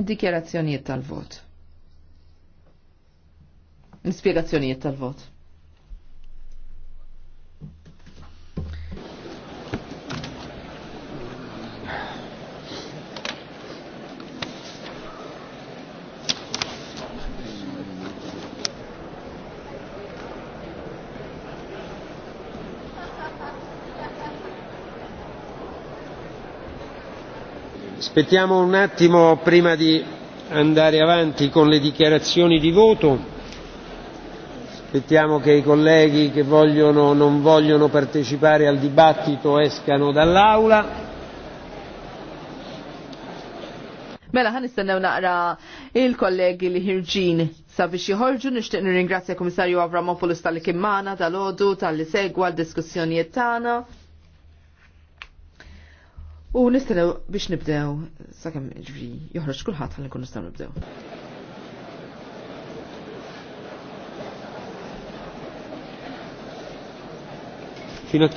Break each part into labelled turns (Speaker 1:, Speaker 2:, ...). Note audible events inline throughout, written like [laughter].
Speaker 1: Id-dikjerazzjonijiet tal-vot. L-spiegazzjonijiet tal-vot.
Speaker 2: Aspettiamo un attimo prima di andare avanti con le dichiarazioni di voto. Aspettiamo che i colleghi che vogliono, o non vogliono partecipare al dibattito escano dall'aula.
Speaker 1: Mela ħan nistennew naqra il-kollegi li ħirġin sabiex joħorġu nixtieq nirringrazzja Komissarju Avramopoulos tal-li kien tal-għodu, tal-li segwa l diskussjoni tagħna. U nistennew biex nibdew sakem ġifri joħroċ kullħat għallin kun nistgħu nibdew.
Speaker 2: Fino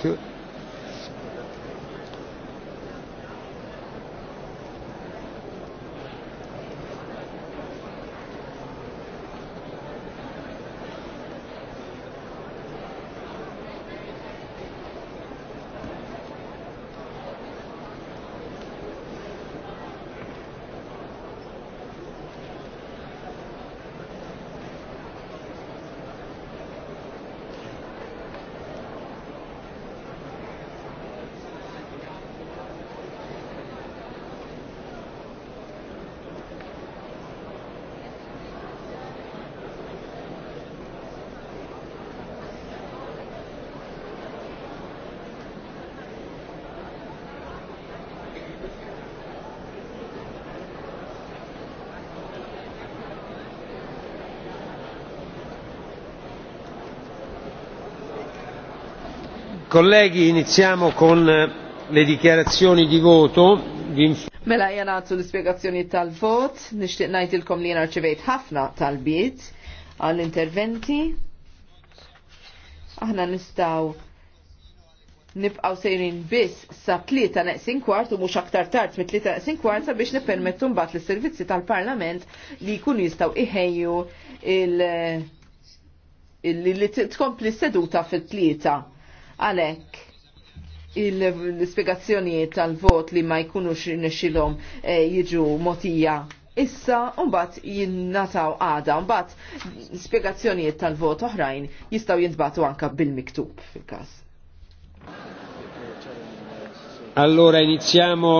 Speaker 2: Kollegi, iniziamo con eh, le dichiarazioni di voto.
Speaker 1: Mela għadzu l-spiegazzjoni tal-vot, nishtiq najtilkom li jena rċivejt ħafna tal-bit għall-interventi. Aħna nistaw nibqaw sejrin biss sa tlieta neqsin kwart u mhux aktar tard mit tlieta neqsin kwart sabiex nippermettu mbagħad lis-servizzi tal-Parlament li jkunu jistgħu iħejju il- li tkompli seduta fit-tlieta Għalek, l-spiegazzjonijiet tal-vot li ma jkunux nixilom eh, jiġu motija issa unbat jinnataw għada, unbat spiegazzjonijiet tal-vot oħrajn jistaw jintbatu anka bil-miktub fil-kas.
Speaker 2: Allora iniziamo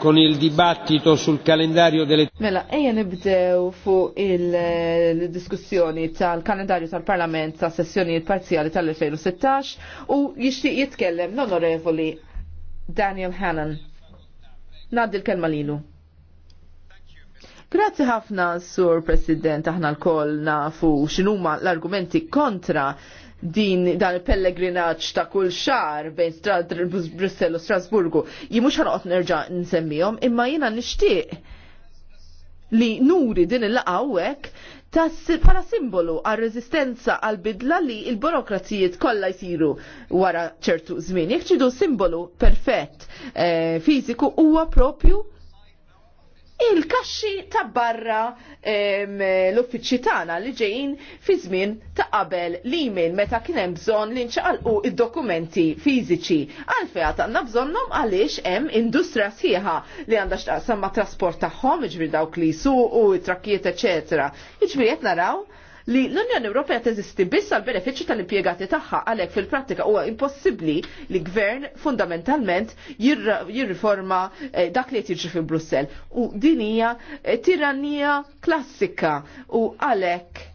Speaker 2: con il dibattito sul calendario delle...
Speaker 1: Mela, eja nibdew fu il-diskussjoni tal-kalendarju tal-parlament ta' sessjonijiet parzjali tal-2016 u jixtieq jitkellem l-onorevoli Daniel Hannan. Naddi l-kelma lilu. Grazzi ħafna, Sur President, aħna l-koll nafu xinuma l-argumenti kontra din dan il-pellegrinaċ ta' kull xar bejn Brussell u Strasburgu, jimux ħarqot nerġa' nsemmihom, imma jiena nixtieq li nuri din il-laqawek bħala simbolu għal rezistenza għal bidla li il-burokrazijiet kollha jsiru wara ċertu żmien. Jekk simbolu perfett eh, fiżiku huwa propju il-kaxxi ta' barra l-uffiċċji tagħna li ġejjin fi żmien ta' qabel l-email meta kien hemm bżonn li nċaqalqu id-dokumenti fiżiċi. għal Għalfej għandna bżonnhom għaliex hemm industrija sħiħa li għandha x'taqsam ma' trasport tagħhom, jiġri dawk li jsuqu, it-trakkijiet, eċetera. Jiġri qed naraw li l-Unjoni Ewropea teżisti biss għal benefiċċju tal-impjegati tagħha għalhekk fil-prattika huwa impossibbli li gvern fundamentalment jirriforma eh, dak li qed jiġri fi Brussell. U din hija eh, tirannija klassika u għalhekk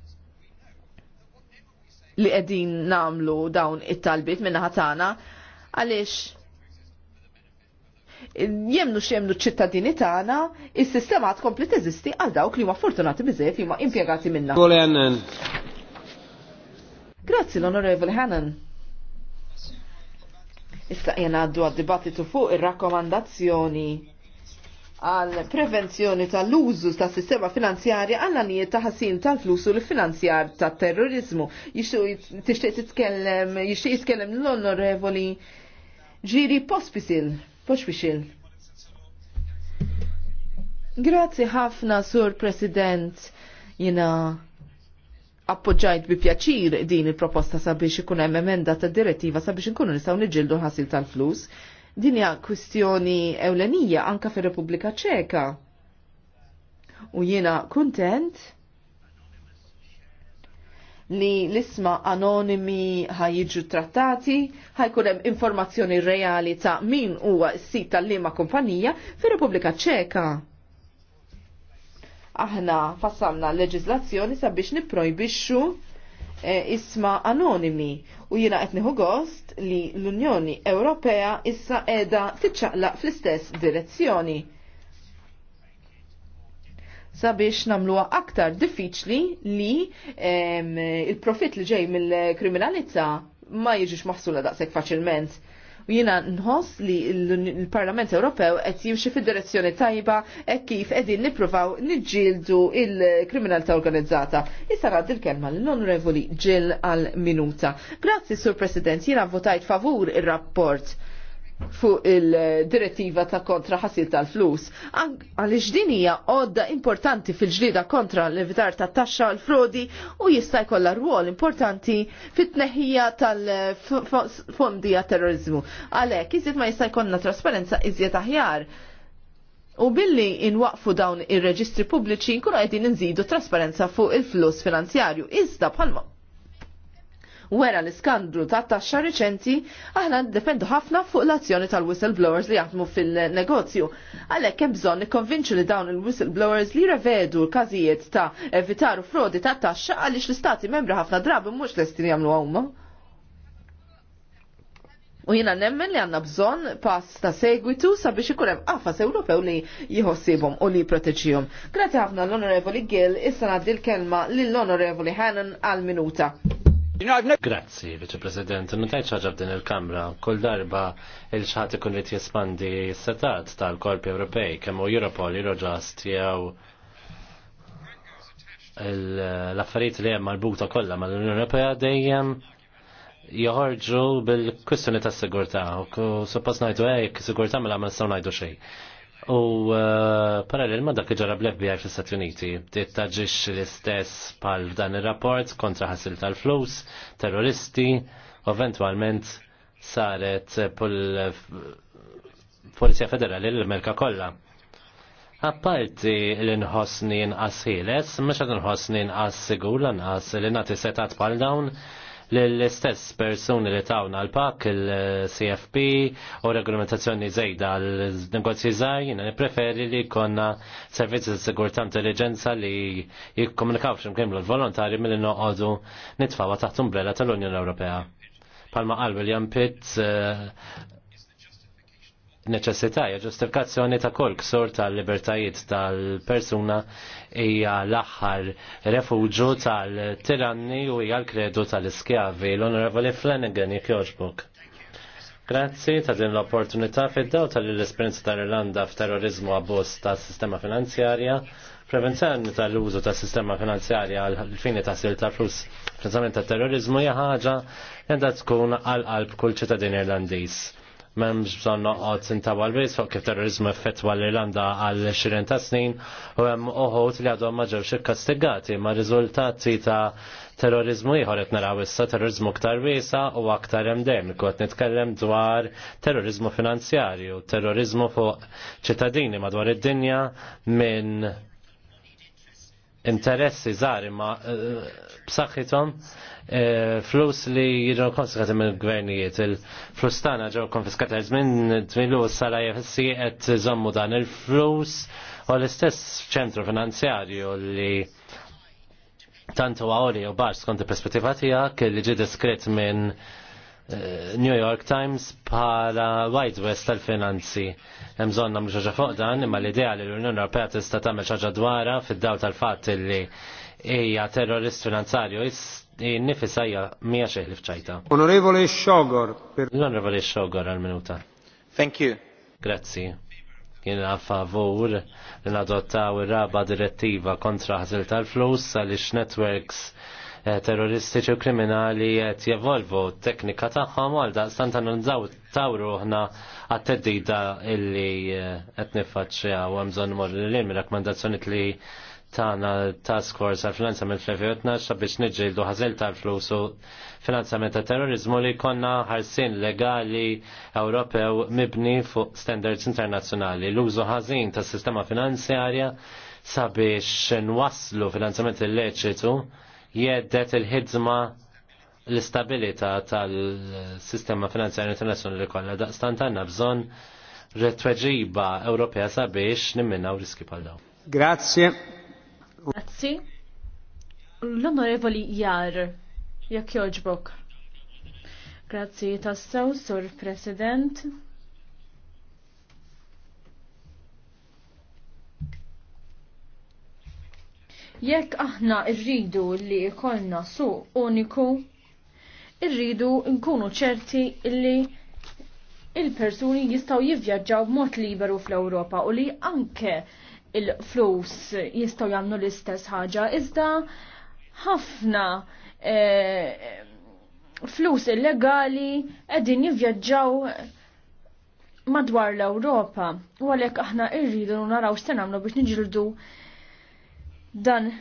Speaker 1: li qegħdin namlu dawn it-talbiet minna ħatana għaliex jemnu xemnu ċittadini tagħna, is-sistema tkompli teżisti għal dawk li huma fortunati biżejjed li huma impjegati minnha. Grazzi l-Onorevoli Hannan. Issa jena għaddu għad-dibattitu fuq ir-rakkomandazzjoni għal prevenzjoni tal-użu ta' sistema finanzjarja għal għanijiet ta' ħasin tal-flusu l finanzjar ta' terrorizmu. Jixtieq jitkellem l-onorevoli ġiri pospisil. Fox bixil. Grazzi ħafna, Sur President, jina appoġġajt bi pjaċir din il-proposta sabiex ikun hemm emenda ta' direttiva sabiex inkunu nistgħu niġġieldu ħasil tal-flus. Din hija kwistjoni ewlenija anka fir-Repubblika Ċeka. U jiena kuntent li l-isma anonimi ħajġu trattati, ħajkun hemm informazzjoni reali ta' min huwa s-sit tal-liema kumpanija fir-Repubblika Ċeka. Aħna fassalna l-leġislazzjoni sabiex nipprojbixxu e, isma anonimi u jiena qed nieħu gost li l-Unjoni Ewropea issa qiegħda tiċċaqlaq fl-istess direzzjoni sabiex namluwa aktar diffiċli li il-profit li ġej mill-kriminalizza ma jiġix maħsula daqshekk faċilment. U jina nħoss li l-Parlament Ewropew qed jimxi fid-direzzjoni tajba e kif qegħdin nippruvaw niġġieldu il-kriminalità organizzata. Issa rad il-kelma l-Onorevoli Ġil għal minuta. Grazzi, Sur President, jina votajt favur ir-rapport fuq il-direttiva ta' kontra ħasil tal-flus. Għalix din hija għodda importanti fil-ġlida kontra l-evitar ta' taxxa l-frodi u jista' jkollha rwol importanti fit-tneħħija tal-fondi għat terrorizmu. Għalhekk iżjed ma jista' jkollna trasparenza iżjed aħjar. U billi inwaqfu dawn ir-reġistri pubbliċi nkunu qegħdin inżidu trasparenza fuq il-flus finanzjarju. Iżda bħalma wera l iskandru ta' taxxa riċenti, aħna dependu ħafna fuq l-azzjoni tal-whistleblowers li jaħdmu fil-negozju. Għalhekk hemm bżonn nikkonvinċu li dawn il-whistleblowers li revedu każijiet ta' evitaru frodi ta' taxxa għaliex l-istati membri ħafna drabi mhux lestin jagħmlu huma. U jina nemmen li għanna bżon pass ta' segwitu sabiex hemm għafas Ewropew li jħossibhom u li proteġijom. Grazie ħafna l-Onorevoli Gill, issa naddi l-kelma l-Onorevoli Hannon għal-minuta.
Speaker 3: Grazzi, Vice President, nutajt xaġab din il-Kamra, kull darba il-ċħat ikun li jespandi s-setat tal-Korpi Ewropej, kemmu Europol, Eurojust, jew l-affarijiet li hemm marbuta kollha mal-Unjoni Ewropea dejjem joħorġu bil-kwistjoni tas-sigurtà u suppost ngħidu hekk s mela ma nistgħu ngħidu xejn. U uh, parallel ma dak ġara bl-FBI fl-Stati Uniti, tittaġix l-istess pal dan il-rapport kontra ħasil tal-flus, terroristi, u eventualment saret Polizija Federali l-Amerika kollha. Apparti l-inħosni nqas ħieles, mhux qed inħossni nqas sigur lanqas li nagħti setat pal dawn l-istess persuni li tawna l-pak, il-CFP u regolamentazzjoni zejda l-negozji zaħi, jina nipreferi li konna servizzi ta' sigurtà intelligenza li jikkomunikaw ximkien l-volontari mill noqodu nitfawa taħt umbrella tal-Unjoni Ewropea. Palma qal William Pitt, neċessità ja ġustifikazzjoni ta' kol ksur tal-libertajiet tal-persuna hija l-aħħar refuġu tal-tiranni u hija l-kredu tal-iskjavi. L-Onorevoli Flanagan jikjoġbuk. Grazzi ta' din l-opportunità fid-daw tal-esperienza tal-Irlanda f'terrorizmu abbos ta' sistema finanzjarja prevenzjoni tal-użu ta' sistema finanzjarja għal-fini ta' sil ta' flus finanzjament ta' terrorizmu hija ħaġa għandha tkun għal-qalb kull ċittadin Irlandiż memx bżon noqgħod għal-bis fuq kif terrorizmu effettwa l-Irlanda għal 20 ta' snin u hemm uħut li għadhom ma ġewx ikkastigati ma' riżultati ta' terrorizmu ieħor qed naraw issa terrorizmu aktar wiesa u aktar endemiku qed nitkellem dwar terrorizmu finanzjarju, terrorizmu fuq ċittadini madwar id-dinja minn interessi żgħar imma eh, b'saħħithom eh, flus li jiġu konfiskati mill-gvernijiet. Il-flus tagħna ġew konfiskati żmien Twilus s-sala jefessi qed żommu dan il-flus u l-istess ċentru finanzjarju li tantu għawli u barx skont il-perspettiva tiegħek li ġie diskret minn Eh, New York Times bħala White West tal-finanzi. Hemm bżonn nagħmlu xi fuq dan, imma l-idea li l-Unjoni Ewropea tista' tagħmel xi dwarha fid-daw tal-fatt li hija terrorist finanzarju nifisa hija mija xi ħlif ċajta. Onorevole Xogor. L-Onorevole Xogor għal-minuta. Thank you. Grazzi. Kien a favur li nadottaw ir-raba direttiva kontra ħasil tal-flus għaliex networks Eh, terroristiċi u kriminali qed jevolvu teknika tagħhom għal daqstant analizzaw tawru ħna għat-teddida illi eh, qed nifaċċja u hemm bżonn morru lil rakkomandazzjonijiet li tana task force għal finanzament fl-2012 biex nġildu ħazel tal-flus u finanzament ta' terrorizmu li konna ħarsin legali Ewropew mibni fuq standards internazzjonali. L-użu ħażin ta' sistema finanzjarja sabiex nwaslu finanzament illeċitu jeddet il-ħidma l-istabilita tal-sistema finanzjarju internazzjonali li kollha daqstant għandna bżonn retweġiba Ewropea sabiex nimminaw riski pal daw. Grazie. Grazie.
Speaker 4: L-onorevoli Jar, jekk joġbok. Grazzi tassaw, Sur President. Jekk aħna rridu li jkollna suq uniku, irridu nkunu ċerti li il-persuni jistaw jivvjaġġaw b'mod liberu fl-Ewropa u li anke il-flus jistaw jagħmlu l-istess ħaġa, iżda ħafna eh, flus illegali qegħdin jivvjaġġaw madwar l-Ewropa u għalhekk aħna rridu naraw x'se nagħmlu biex niġildu dan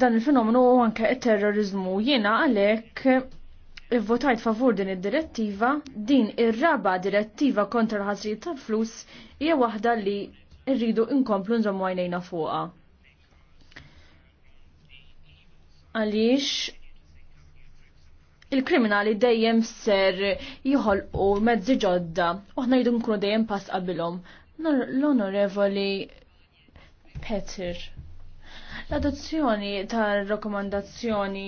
Speaker 4: dan il-fenomenu u anke terrorizmu jiena għalhekk votajt favur din id-direttiva, din ir-raba direttiva kontra l-ħasrijiet tal-flus hija waħda li rridu inkomplu nżommu għajnejna fuqha. Għaliex il-kriminali dejjem ser u mezzi ġodda u ħna jridu nkunu dejjem pass qabilhom. L-Onorevoli Peter. L-adozzjoni tal-rekomandazzjoni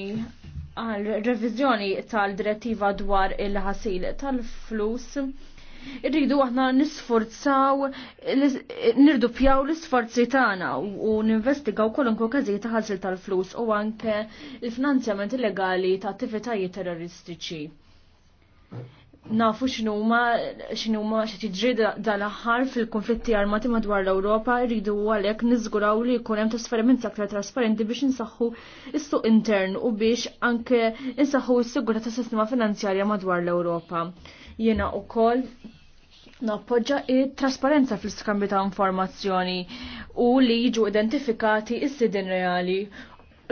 Speaker 4: għal revizjoni tal-direttiva dwar il-ħasil tal-flus irridu aħna nisforzaw, nirdu pjaw l-isforzi tagħna u ninvestigaw kolunkwe każijiet ta' ħasil tal-flus u anke il-finanzjament illegali ta' attivitajiet terroristiċi nafu xinuma xinuma xi tiġri dal ħar fil-konflitti armati madwar l-Ewropa rridu għalhekk niżguraw li jkun hemm trasferiment aktar trasparenti biex insaħħu is-suq intern u biex anke insaħħu s sigura tas-sistema finanzjarja madwar l-Ewropa. Jiena wkoll nappoġġa it-trasparenza fl-iskambju ta' informazzjoni u li jiġu identifikati s sidin reali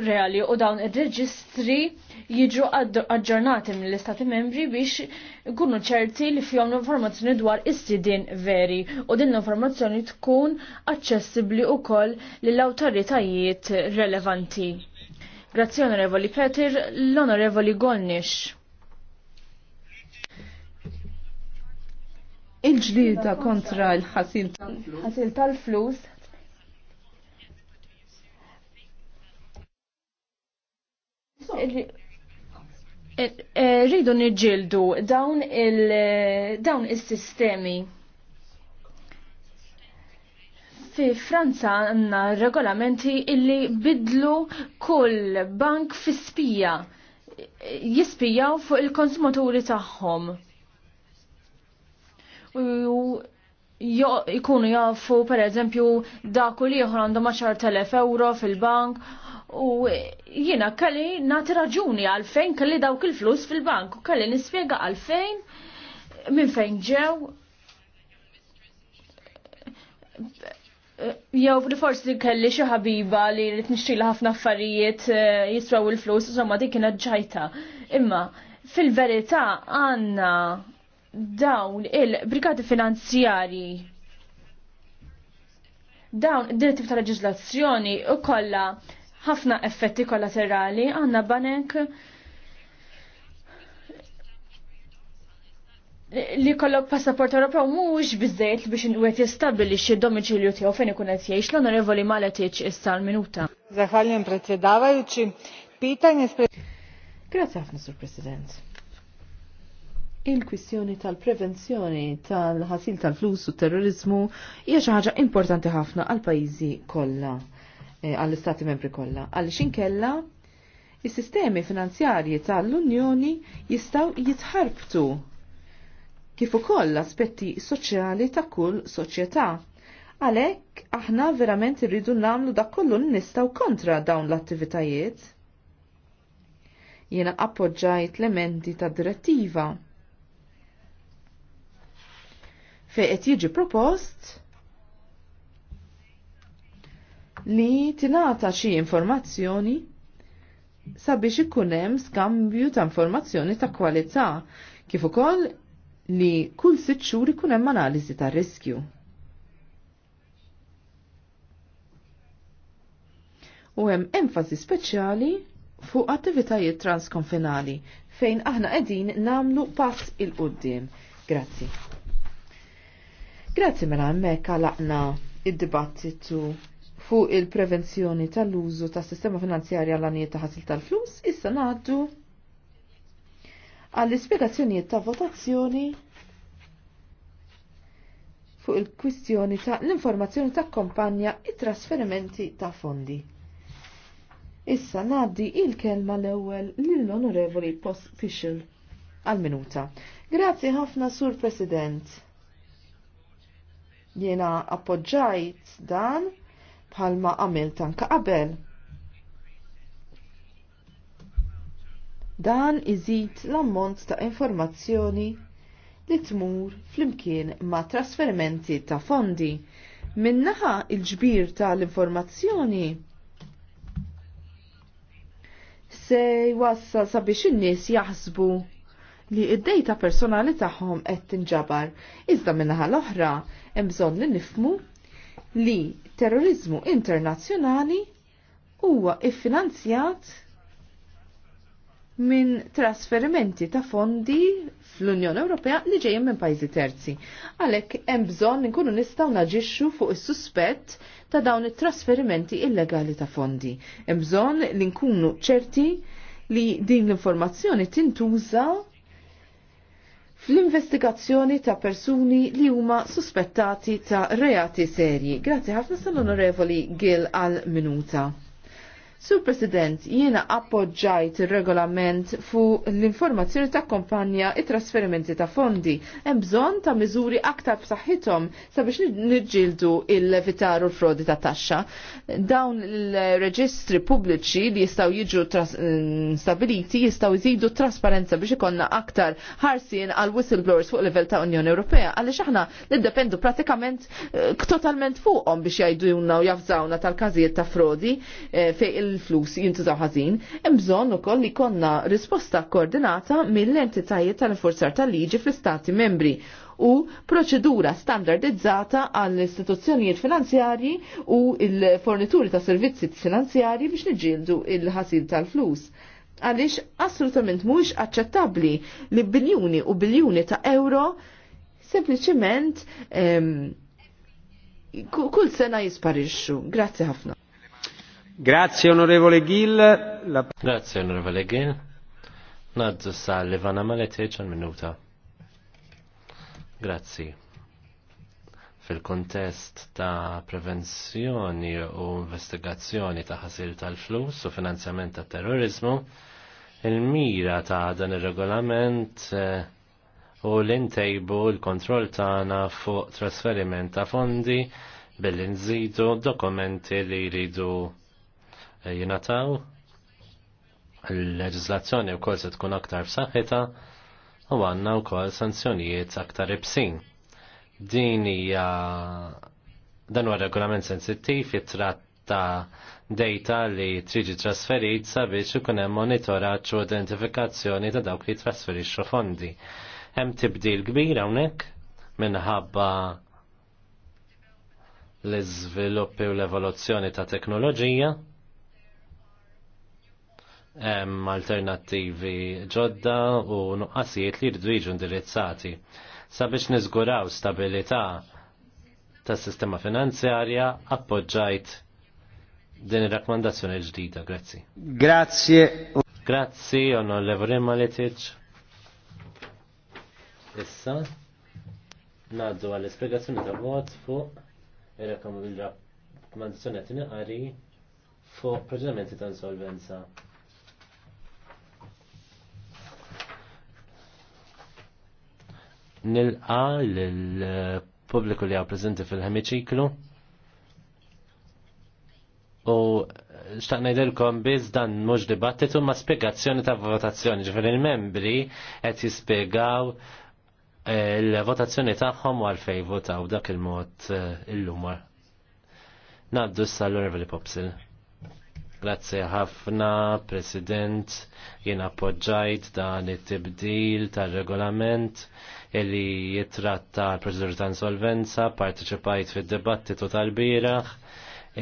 Speaker 4: reali u dawn ir-reġistri jiġu aġġornati mill-Istati membri biex ikunu ċerti li fihom l-informazzjoni dwar is veri u din l-informazzjoni tkun aċċessibbli wkoll lill-awtoritajiet relevanti. Grazie Onorevoli Petir, l-Onorevoli Golnish.
Speaker 1: Il-ġlida kontra l-ħasil
Speaker 4: tal-flus. tal-flus Eh, eh, rridu niġġieldu dawn il-dawn eh, is-sistemi. Fi Franza għandna regolamenti illi bidlu kull bank fi spija jispijaw fuq il-konsumaturi tagħhom. U jikunu jafu per eżempju daku li jħor għandhom telef euro fil-bank u jiena kelli nati raġuni għalfejn kelli dawk il-flus fil-bank u kelli nispjega għalfejn minn fejn ġew Jew li forsi kelli xi ħabiba li rid nixtila ħafna affarijiet eh, jisraw il-flus, insomma dik kienet ġajta. Imma fil-verità għandna dawn il-brigati finanzjari dawn din tip ta' leġislazzjoni u kolla ħafna effetti kollaterali għandna banek li kollok passaport Ewropew mhux biżejjed biex inqwed jistabbilixxi d-domiċilju tiegħu fejn ikun qed jgħix l-Onorevoli Maletiċ issa l-minuta. Zahvaljujem predsjedavajući. Pitanje
Speaker 1: Grazie ħafna, Sur President. Il-kwistjoni tal-prevenzjoni tal-ħasil tal-flus u terrorizmu hija xi ħaġa importanti ħafna għall pajjiżi kollha, eh, għall-istati membri kollha, għaliex inkella is-sistemi finanzjarji tal-Unjoni jistgħu jitħarbtu kif ukoll aspetti soċjali ta' kull soċjetà. Għalhekk aħna verament irridu nagħmlu dak kollu nistgħu kontra dawn l-attivitajiet. Jiena appoġġajt l-emendi tad direttiva fejn qed jiġi propost li tingħata xi informazzjoni sabiex ikun hemm skambju ta' informazzjoni ta' kwalità, kif ukoll li kull sitt xhur ikun hemm analiżi ta' riskju. U hemm enfasi speċjali fuq attivitajiet transkonfinali fejn aħna qegħdin nagħmlu pass il-qudiem. Grazzi. Grazzi mela hemmhekk għalaqna id-dibattitu fuq il-prevenzjoni tal-użu tas sistema finanzjarja għal għanijiet ta' ħasil tal-flus, issa ngħaddu għall-ispjegazzjonijiet ta' votazzjoni fuq il-kwistjoni ta' l-informazzjoni ta' kompanja it-trasferimenti ta' fondi. Issa naddi il-kelma l-ewwel lill-Onorevoli Post Fischel għal-minuta. Grazzi ħafna, Sur President. Jiena appoġġajt dan bħalma għamilt anka qabel. Dan iżid l-ammont ta' informazzjoni li tmur flimkien ma' trasferimenti ta' fondi. Minnaħa il-ġbir tal-informazzjoni se jwassal sabiex in-nies jaħsbu li id-dejta personali tagħhom qed tinġabar. Iżda minnaħa l-oħra hemm bżonn li nifmu li terrorizmu internazzjonali huwa iffinanzjat minn trasferimenti ta' fondi fl-Unjoni Ewropea li ġejjin minn pajjiżi terzi. Għalhekk hemm bżonn inkunu nistgħu naġixxu fuq is-suspett ta' dawn it-trasferimenti illegali ta' fondi. Hemm bżonn li nkunu ċerti li din l-informazzjoni tintuża fl-investigazzjoni ta' persuni li huma suspettati ta' reati serji. Grazzi ħafna sal-Onorevoli Gil għal-minuta. Sur President, jiena appoġġajt il-regolament fu l-informazzjoni ta' kompanja i trasferimenti ta' fondi. Hemm bżonn ta' miżuri aktar b'saħħithom sabiex niġġieldu il vitar u l-frodi ta' taxxa. Dawn il-reġistri pubbliċi li jistgħu jiġu mm, stabiliti jistgħu jżidu trasparenza biex ikollna aktar ħarsien għal whistleblowers fuq livell ta' Unjoni Ewropea għaliex aħna niddependu pratikament eh, totalment fuqhom biex jgħidu u jafżawna tal-każijiet ta' frodi eh, fejn il il-flus jintużaw ħażin, hemm bżonn ukoll li konna risposta koordinata mill-entitajiet tal-forzar tal-liġi fl-istati membri u proċedura standardizzata għall istituzzjonijiet finanzjarji u il-fornituri ta' servizzi finanzjarji biex niġildu il-ħasil tal-flus. Għalix assolutament mhuwiex aċċettabbli li biljuni u biljuni ta' euro sempliċiment ehm, kull sena jisparixxu. Grazzi ħafna.
Speaker 3: Grazie onorevole Gill. La... Grazie onorevole Gill. Naddu sa' Livana Maletic minuta. Grazzi. Fil-kontest ta' prevenzjoni u investigazzjoni ta' ħasil tal-flus u finanzjament ta' terrorizmu, il-mira ta' dan il-regolament eh, u l-intejbu l-kontroll tagħna fuq trasferiment ta' fondi bil inżidu dokumenti li jridu Eh, jinataw l leġizlazzjoni u kol se tkun aktar f'saħħitha u għanna u kol sanzjonijiet aktar ibsin. Din hija dan huwa regolament sensittiv jitratta data li triġi trasferit sabiex ikun hemm monitoraġġ u identifikazzjoni ta' dawk li trasferixxu fondi. Hemm tibdil kbir hawnhekk minħabba l-iżviluppi u l-evoluzzjoni ta' teknoloġija hemm alternattivi ġodda u nuqqasijiet li jridu jiġu indirizzati. Sabiex niżguraw stabilità tas-sistema finanzjarja appoġġajt din ir-rakkomandazzjoni ġdida, grazzi. Grazie. Grazzi, onorevole Maletic. Issa, naddu għall-esplikazzjoni ta' vot fuq il rakkomandazzjoni qari fuq proġedimenti ta' insolvenza. nilqa l-pubbliku li għaw prezenti fil-hemiċiklu u xtaqna jidilkom biz dan mux dibattitu ma spiegazzjoni ta' votazzjoni ġifir il-membri għet jispiegaw eh, il-votazzjoni tagħhom għalfej votaw dak il-mod eh, il-lumar. Naddu s-sal-Onorevoli Popsil. Grazie ħafna, President, jien appoġġajt dan it-tibdil tar-regolament illi jitratta l-proċeduri ta' insolvenza, parteċipajt fid-dibattitu tal-biraħ,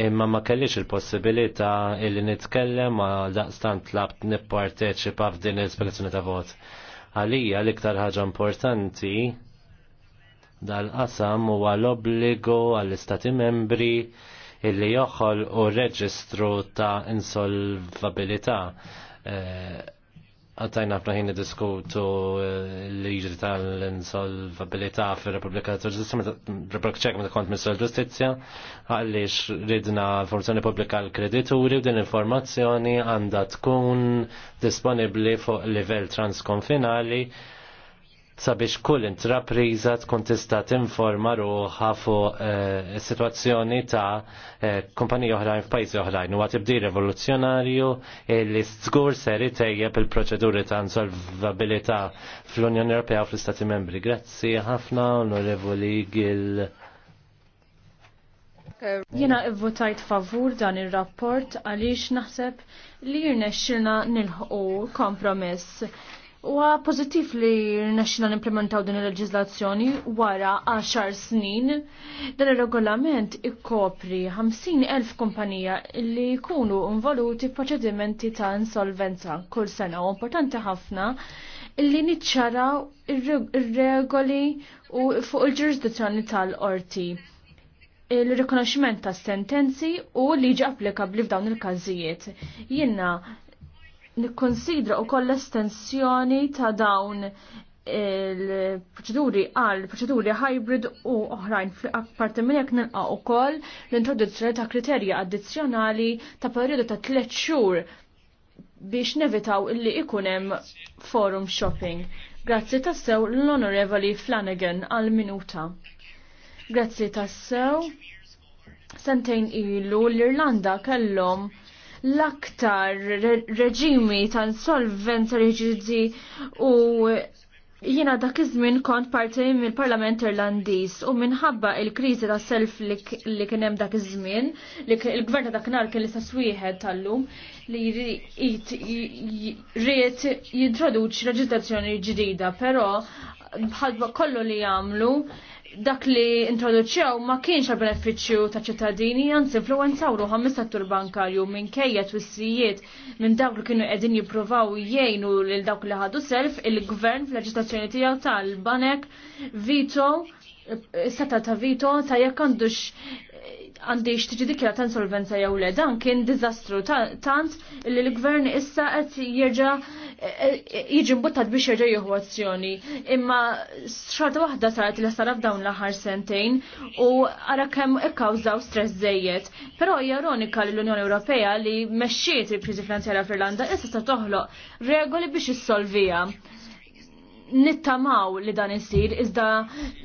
Speaker 3: imma ma kellix il-possibilità illi nitkellem ma daqstant labt nipparteċipa f'din l-ispirazzjoni ta' vot. Għalija l-iktar ħaġa importanti dal-qasam huwa l-obbligo għall-istati membri illi joħol u reġistru ta' insolvabilità. Eh, għattajna ħin diskutu eh, l-liġi tal-insolvabilità fil-Repubblika Repubblika Ċeka t kont Ministru l-Ġustizzja għaliex ridna l-forzjoni pubblika l-kredituri u din informazzjoni għandha tkun disponibbli fuq livell transkonfinali sabiex kull intrapriża tkun tista' tinforma ruħha fuq eh, is sitwazzjoni ta' eh, kumpaniji oħrajn f'pajjiżi oħrajn. Huwa tibdi rivoluzzjonarju li żgur ser itejjeb il-proċeduri ta' insolvabilità fl-Unjoni Ewropea u fl-Istati Membri. Grazzi ħafna onorevoli Gil.
Speaker 4: Jena votajt favur dan il-rapport għaliex naħseb li jirnexxilna nilħu kompromess Huwa pożittiv li n-implementaw din il leġizlazzjoni wara 10 snin. Dan ir-regolament ikkopri 50,000 kompanija li jkunu involuti f'proċedimenti ta' insolvenza kull sena u importanti ħafna li niċċaraw ir-regoli u fuq il-ġurisdizzjoni tal-qorti il-rikonoxximent ta' sentenzi u liġi applikabli f'dawn il-każijiet. Jiena nikkonsidra u koll estensjoni ta' dawn il-proċeduri għal proċeduri hybrid u oħrajn apparti minn jekk nilqa' ukoll l-introduzzjoni ta' kriterji addizzjonali ta' periodu ta' tliet xhur biex nevitaw illi ikun hemm forum shopping. Grazzi tassew l-Onorevoli Flanagan għal minuta. Grazzi tassew sentejn ilu l-Irlanda kellhom l-aktar reġimi ta' insolvenza riġidi u Jiena dak iż-żmien kont parti mill-Parlament Irlandiż u minħabba il-kriżi ta' self li kien hemm dak iż-żmien, li il-gvern ta' dakinhar kien l-istess wieħed tal-lum li jrid jintroduċi leġiżlazzjoni ġdida, però bħal kollu li jagħmlu dak li introduċew ma kienx għal beneficju ta' ċittadini għanz influenzaw ruħam mis-settur bankarju minn kejja twissijiet minn dawk li kienu qegħdin jippruvaw jgħinu lil dawk li ħadu self il-gvern fl-aġitazzjoni tiegħu tal-banek vito seta ta' vito ta' jekk għandux għandix tiġi dikja ta' insolvenza jew le dan kien diżastru tant li l-gvern issa qed jerġa' jiġi mbuttat biex jerġa' jieħu azzjoni. Imma xorta waħda sarat li saraf dawn l-aħħar sentejn u ara kemm ikkawżaw stress żejjed. Però hija ironika li l-Unjoni Ewropea li meċċiet il-kriżi finanzjarja fil irlanda issa se toħloq regoli biex issolvija nittamaw li dan isir iżda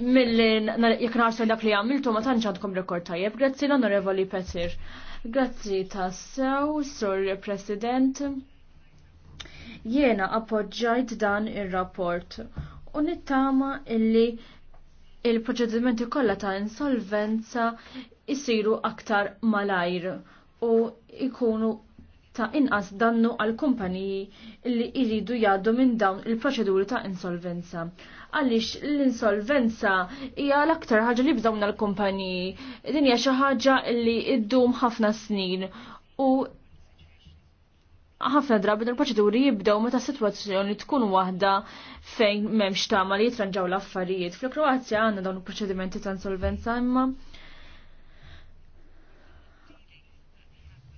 Speaker 4: mill jekk narsu dak li għamiltu ma tantx għandkom rekord tajjeb. Grazzi l-Onorevoli Petir. Grazzi tassew, Sur President. Jiena appoġġajt dan ir-rapport u nittama illi il-proċedimenti kollha ta' insolvenza jisiru aktar malajr u ikunu ta' inqas dannu għal kumpaniji li jridu jgħaddu minn dawn il-proċeduri ta' insolvenza. Għaliex l-insolvenza hija l-aktar ħaġa li b'dawn l-kumpaniji. Din hija xi ħaġa li ddum ħafna snin u ħafna drabi dal proċeduri jibdew meta situazzjoni tkun waħda fejn m'hemmx tama li jitranġaw l-affarijiet. Fil-Kroazja għandna dawn il-proċedimenti ta' insolvenza imma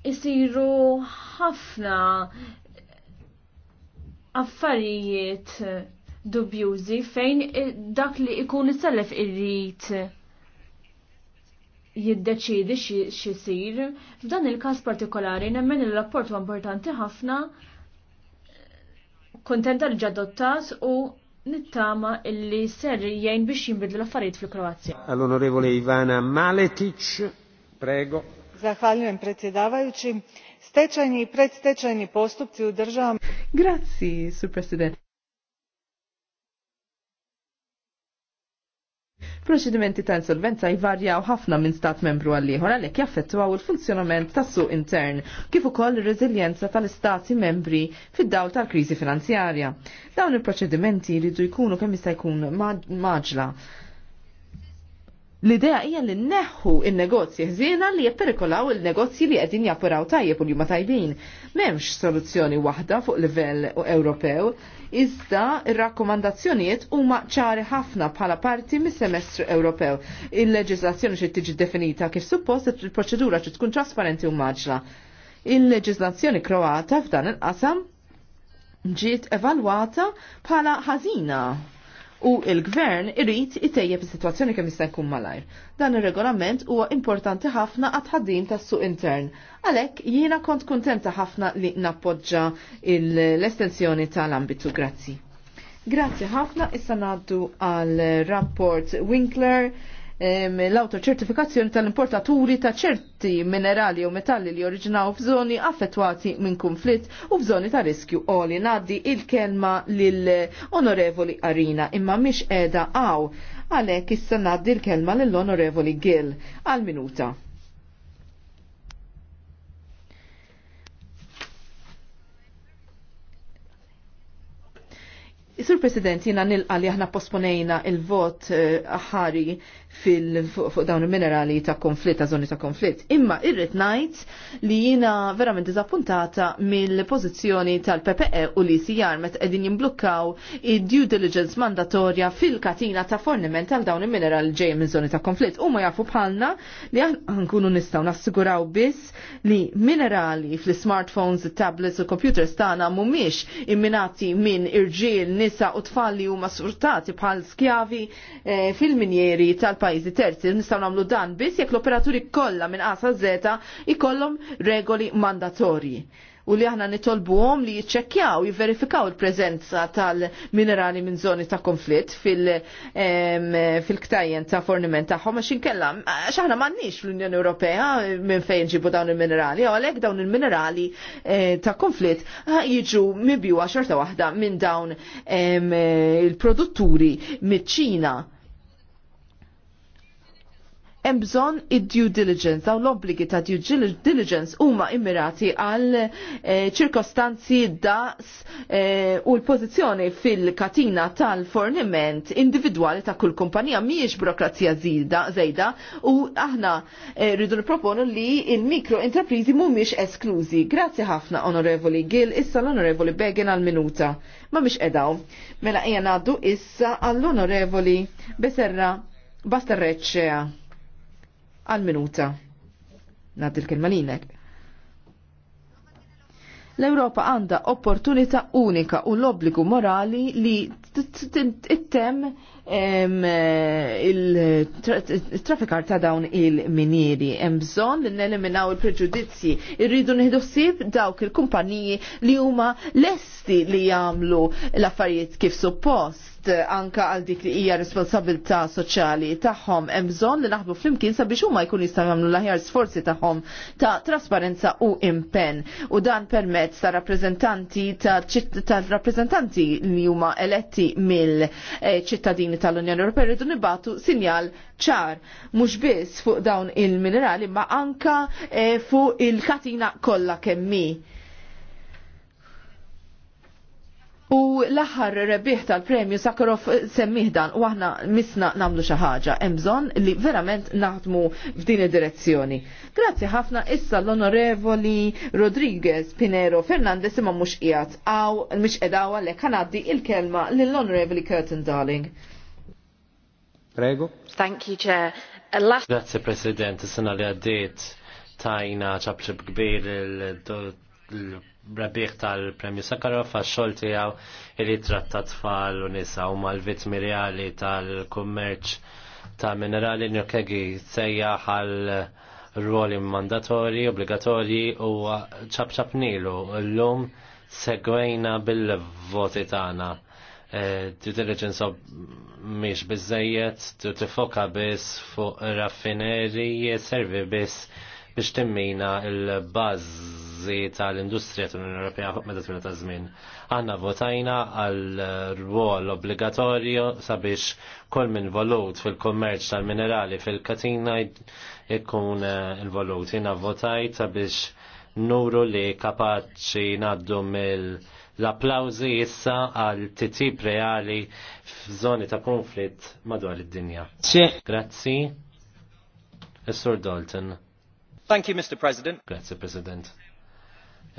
Speaker 4: isiru ħafna affarijiet dubjużi fejn dak li ikun sellef irrid jiddeċidi x'isir. F'dan il-każ partikolari nemmen il-rapport huwa importanti ħafna kontenta li ġadottas u nittama illi ser jgħin biex jinbidlu l-affarijiet fil-Kroazja.
Speaker 2: All-Onorevole Ivana Maletic, prego.
Speaker 4: Zahvaljujem predsjedavajući. Stečajni i predstečajni postupci u državama.
Speaker 1: Grazie, su president. Proċedimenti ta' insolvenza jvarjaw ħafna minn stat membru għal ieħor għalhekk jaffettwaw il-funzjonament tas-suq intern kif ukoll ir-reżiljenza tal-istati membri fid-dawl tal-kriżi finanzjarja. Dawn il-proċedimenti jridu jkunu kemm jista' jkun maġla. Ma L-idea hija li neħħu il-negozji ħżiena li jipperikolaw il-negozji li qegħdin jappuraw tajjeb u li ma tajbin. M'hemmx soluzzjoni waħda fuq livell Ewropew, iżda r rakkomandazzjonijiet huma ċari ħafna bħala parti mis-semestru Ewropew. Il-leġiżlazzjoni xi tiġi definita kif suppost il-proċedura xi tkun trasparenti u maġla. Il-leġiżlazzjoni Kroata f'dan il-qasam ġiet evalwata bħala ħażina u il-gvern irrit itejjeb is-sitwazzjoni kemm jista' jkun malajr. Dan ir-regolament huwa importanti ħafna għat ħaddim tas-suq intern. Għalhekk jiena kont kuntenta ħafna li nappoġġa l-estensjoni tal-ambitu. Grazzi. Grazzi ħafna issa ngħaddu għal rapport Winkler l-autoċertifikazzjoni tal-importaturi ta' ċerti minerali u metalli li oriġinaw f'żoni affettwati minn konflitt u f'żoni ta' riskju oli. Naddi il-kelma lill-Onorevoli Arina imma mhix qiegħda għaw għalhekk issa naddi l-kelma lill-Onorevoli Gill għal minuta. Sur President, jina nilqa li aħna posponejna il-vot eh, ħari uh, fuq dawn il-minerali ta' konflitt, ta' zoni ta' konflitt. Imma irrit najt li jina verament dizappuntata mill-pozizjoni tal-PPE u li si jarmet edin jimblukkaw id-due diligence mandatorja fil-katina ta' forniment tal dawn il-mineral ġej minn zoni ta' konflitt. U ma jafu bħalna li għankunu nistaw nassiguraw biss li minerali fl-smartphones, tablets u computers tagħna mumiex imminati minn irġiel, nisa u tfalli u ma bħal skjavi eh, fil-minjeri tal pajjiżi terzi. Nistgħu nagħmlu dan biss jekk l-operaturi kollha minn A sa Z ikollhom regoli mandatorji u li aħna nitolbuhom li jiċċekkjaw, jiverifikaw il-preżenza tal-minerali minn zoni ta' konflitt fil-ktajjen ta' forniment tagħhom għax inkella aħna m'għandniex fl-Unjoni Ewropea eh, minn fejn ġibu dawn il-minerali, u għalhekk dawn il-minerali eh, ta' konflitt eh, jiġu mibju xorta waħda minn dawn il-produtturi miċ-Ċina hemm bżonn id-due diligence, daw l-obbligi ta' due diligence huma immirati għal eh, ċirkostanzi daqs eh, u l-pożizzjoni fil-katina tal-forniment individwali ta' kull kumpanija mhijiex burokrazija żida żejda u aħna eh, rridu nipproponu li il-mikro intraprizi mhumiex esklużi. Grazzi ħafna Onorevoli Gil, issa l-Onorevoli Begen għal-minuta. Ma mhix edaw. Mela qiegħ ngħaddu issa għall-Onorevoli Beserra Basterreċċea għal-minuta. Nad il-kelma lilek. L-Europa għanda opportunità unika u l-obbligu morali li t-tem il-trafikar ta' dawn il-minieri. Hemm bżonn li neliminaw il preġudizzi Irridu nieħdu sib dawk il kumpanji li huma lesti li jagħmlu l-affarijiet kif suppost anka għal dik li hija responsabilità soċjali tagħhom hemm bżonn li naħbu flimkien sabiex huma jkun jistgħu jagħmlu l-aħjar sforzi tagħhom ta' trasparenza u impenn u dan permezz ta' rappreżentanti ta' rappreżentanti li huma eletti mill-ċittadini tal-Unjoni Ewropea rridu nibatu sinjal ċar mhux biss fuq dawn il-minerali ma anka eh, fuq il-katina kollha kemmi U l-aħħar rebbieħ tal-premju Sakharov dan u aħna misna namlu xi ħaġa hemm bżonn li verament naħdmu f'din id-direzzjoni. Grazzi ħafna issa l-Onorevoli Rodriguez Pinero Fernandez imma mhux qiegħed għaw mhux qed għaw għalhekk ħanaddi il-kelma lill-Onorevoli Curtin Darling. Prego. Thank you, Chair. Last...
Speaker 3: Grazie, President. Sena li għaddiet tajna ċabċib kbir il rabiħ tal-Premju Sakharov għax xogħol tiegħu li tratta tfal u nisa u mal-vittmi reali tal-kummerċ ta' minerali nukegi sejja għal ruoli mandatori, obbligatorji u ċabċab nilu l-lum segwejna bil-voti tagħna. Eh, due diligence miex bizzejiet, tu tifoka biss fuq raffineri, servi biss biex timmina il-bazz l tal-industrija tal-Unjoni Ewropea fuq meta ta' żmien. Għandna votajna għal rwol obbligatorju sabiex kull min volut fil-kummerċ tal-minerali fil-katina ikun eh, il-volut. Jiena votajt sabiex nuru li kapaċi naddu mill l-applawzi issa għal titib reali f'żoni ta' konflitt madwar id-dinja. Grazzi. Is-Sur Dalton.
Speaker 5: Thank you, Mr. President.
Speaker 3: Grazie, President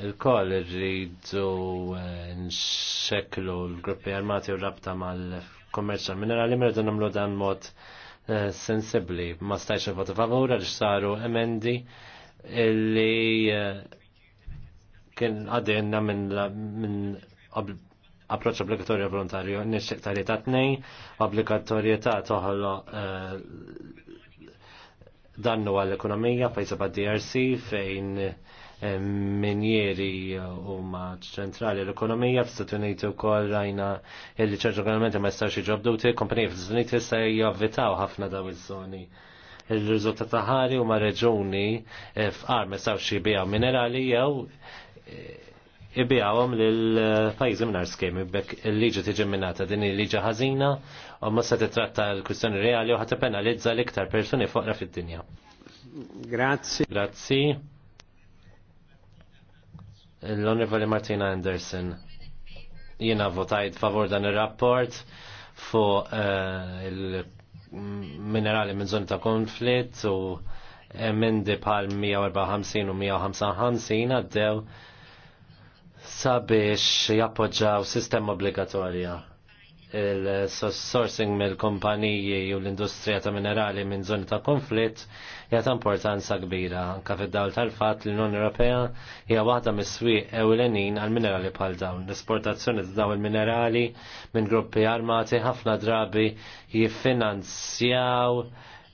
Speaker 3: il-koll irridu eh, nxeklu l-gruppi armati u rabta mal-kommerċal minerali merdu namlu dan mod eh, sensibli. Ma stajx votu favura li saru emendi illi eh, kien għadinna minn approċ obbligatorja volontarju, nixtieq tarjeta tnejn, obbligatorjetà toħlo dannu għall-ekonomija fejn seba' DRC fejn minjeri eh, u ma ċentrali l-ekonomija f stati Uniti u kol rajna il-li ċertu għalmenti ma jistax iġobdu ti kompanija f stati Uniti jista jgħavvitaw ħafna daw iż-żoni. il rizultat taħari u ma reġuni eh, f'qar ma jistax jibijaw minerali jew eh, ibijawom l-pajzi minar skemi bekk il-liġi tiġi minnata din il-liġi ħazina u ma se titratta l-kwistjoni reali u ħat penalizza l-iktar persuni fuqra fid-dinja. Grazzi. Grazzi. L-Onorevoli Martina Anderson, jiena votajt favor dan il-rapport fu eh, il-minerali minn zoni ta' konflitt u emendi pal 154 u 155 għaddew sabiex jappoġġaw sistema obbligatorja il-sourcing mill-kumpaniji u l-industrija ta' minerali minn zoni ta' konflitt hija ta' importanza kbira anke fid-dawl tal-fatt li l-Unjoni Ewropea hija waħda mis-swieq ewlenin għal minerali bħal dawn. L-esportazzjoni ta' dawn il-minerali minn gruppi armati ħafna drabi jiffinanzjaw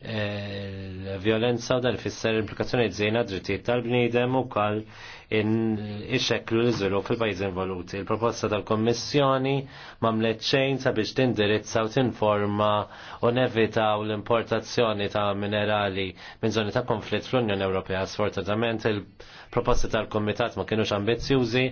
Speaker 3: il-violenza eh, u dan ifisser implikazzjoni żejna drittijiet tal-bniedem ukoll ixeklu l-iżvilupp fil-pajjiż involuti. Il-proposta tal-Kommissjoni mamlet xejn sabiex tindirizza u tinforma u nevitaw l-importazzjoni ta' minerali minn zoni ta' konflitt fl-Unjoni Ewropea. Sfortunatament il-proposta tal-Komitat ma kienux ambizzjużi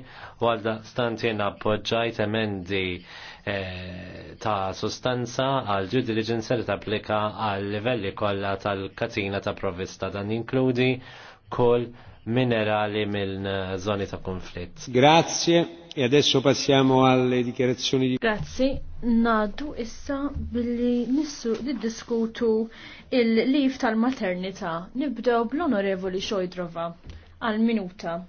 Speaker 3: u għal stantina appoġġajt emendi eh, ta' sostanza għal due diligence li tapplika għal livelli kollha tal-katina ta' provvista dan inkludi kull minerali minn eh, zoni ta' konflitt.
Speaker 2: Grazie. E adesso passiamo alle dichiarazioni di...
Speaker 4: Grazie. Nadu issa billi nissu diskutu il-lif tal-maternità. Nibdew bl-onorevoli Xojdrova għal-minuta.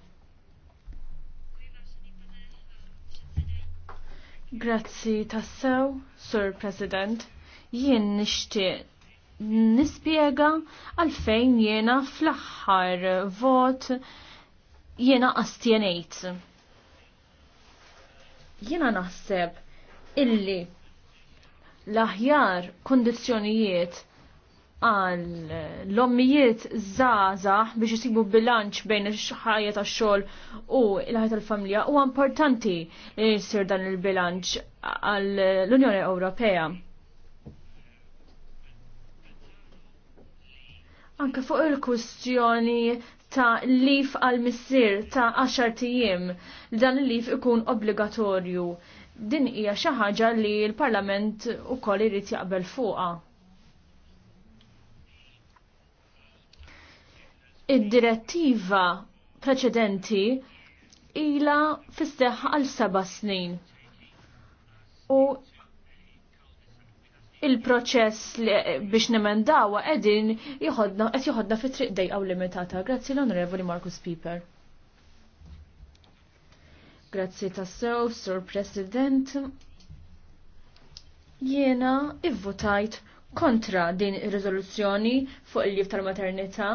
Speaker 4: Grazzi tassew, Sir President. Jien nixtieq nispjega għalfejn jiena fl-aħħar vot jiena astjenejt. Jiena naħseb illi l-aħjar kondizjonijiet għal l-ommijiet zazah biex jisibu bilanċ bejn il-ħajja ta' xol u il-ħajja tal-familja u importanti li jisir dan il-bilanċ għal l-Unjoni Ewropea. Anka fuq il-kustjoni ta' lif għal missir ta' 10 tijiem, dan il-lif ikun obbligatorju. Din hija xi ħaġa li l-Parlament ukoll irid jaqbel fuqha. Id-direttiva preċedenti ila fisseħ għal seba' snin. U il-proċess eh, biex nemendawa edin jħodna qed joħodna fi triq dejqa u limitata. Grazzi l-Onorevoli Marcus Piper. Grazzi tassew, Sur President. Jiena ivvutajt kontra din ir-riżoluzzjoni fuq il-lif tal-maternità,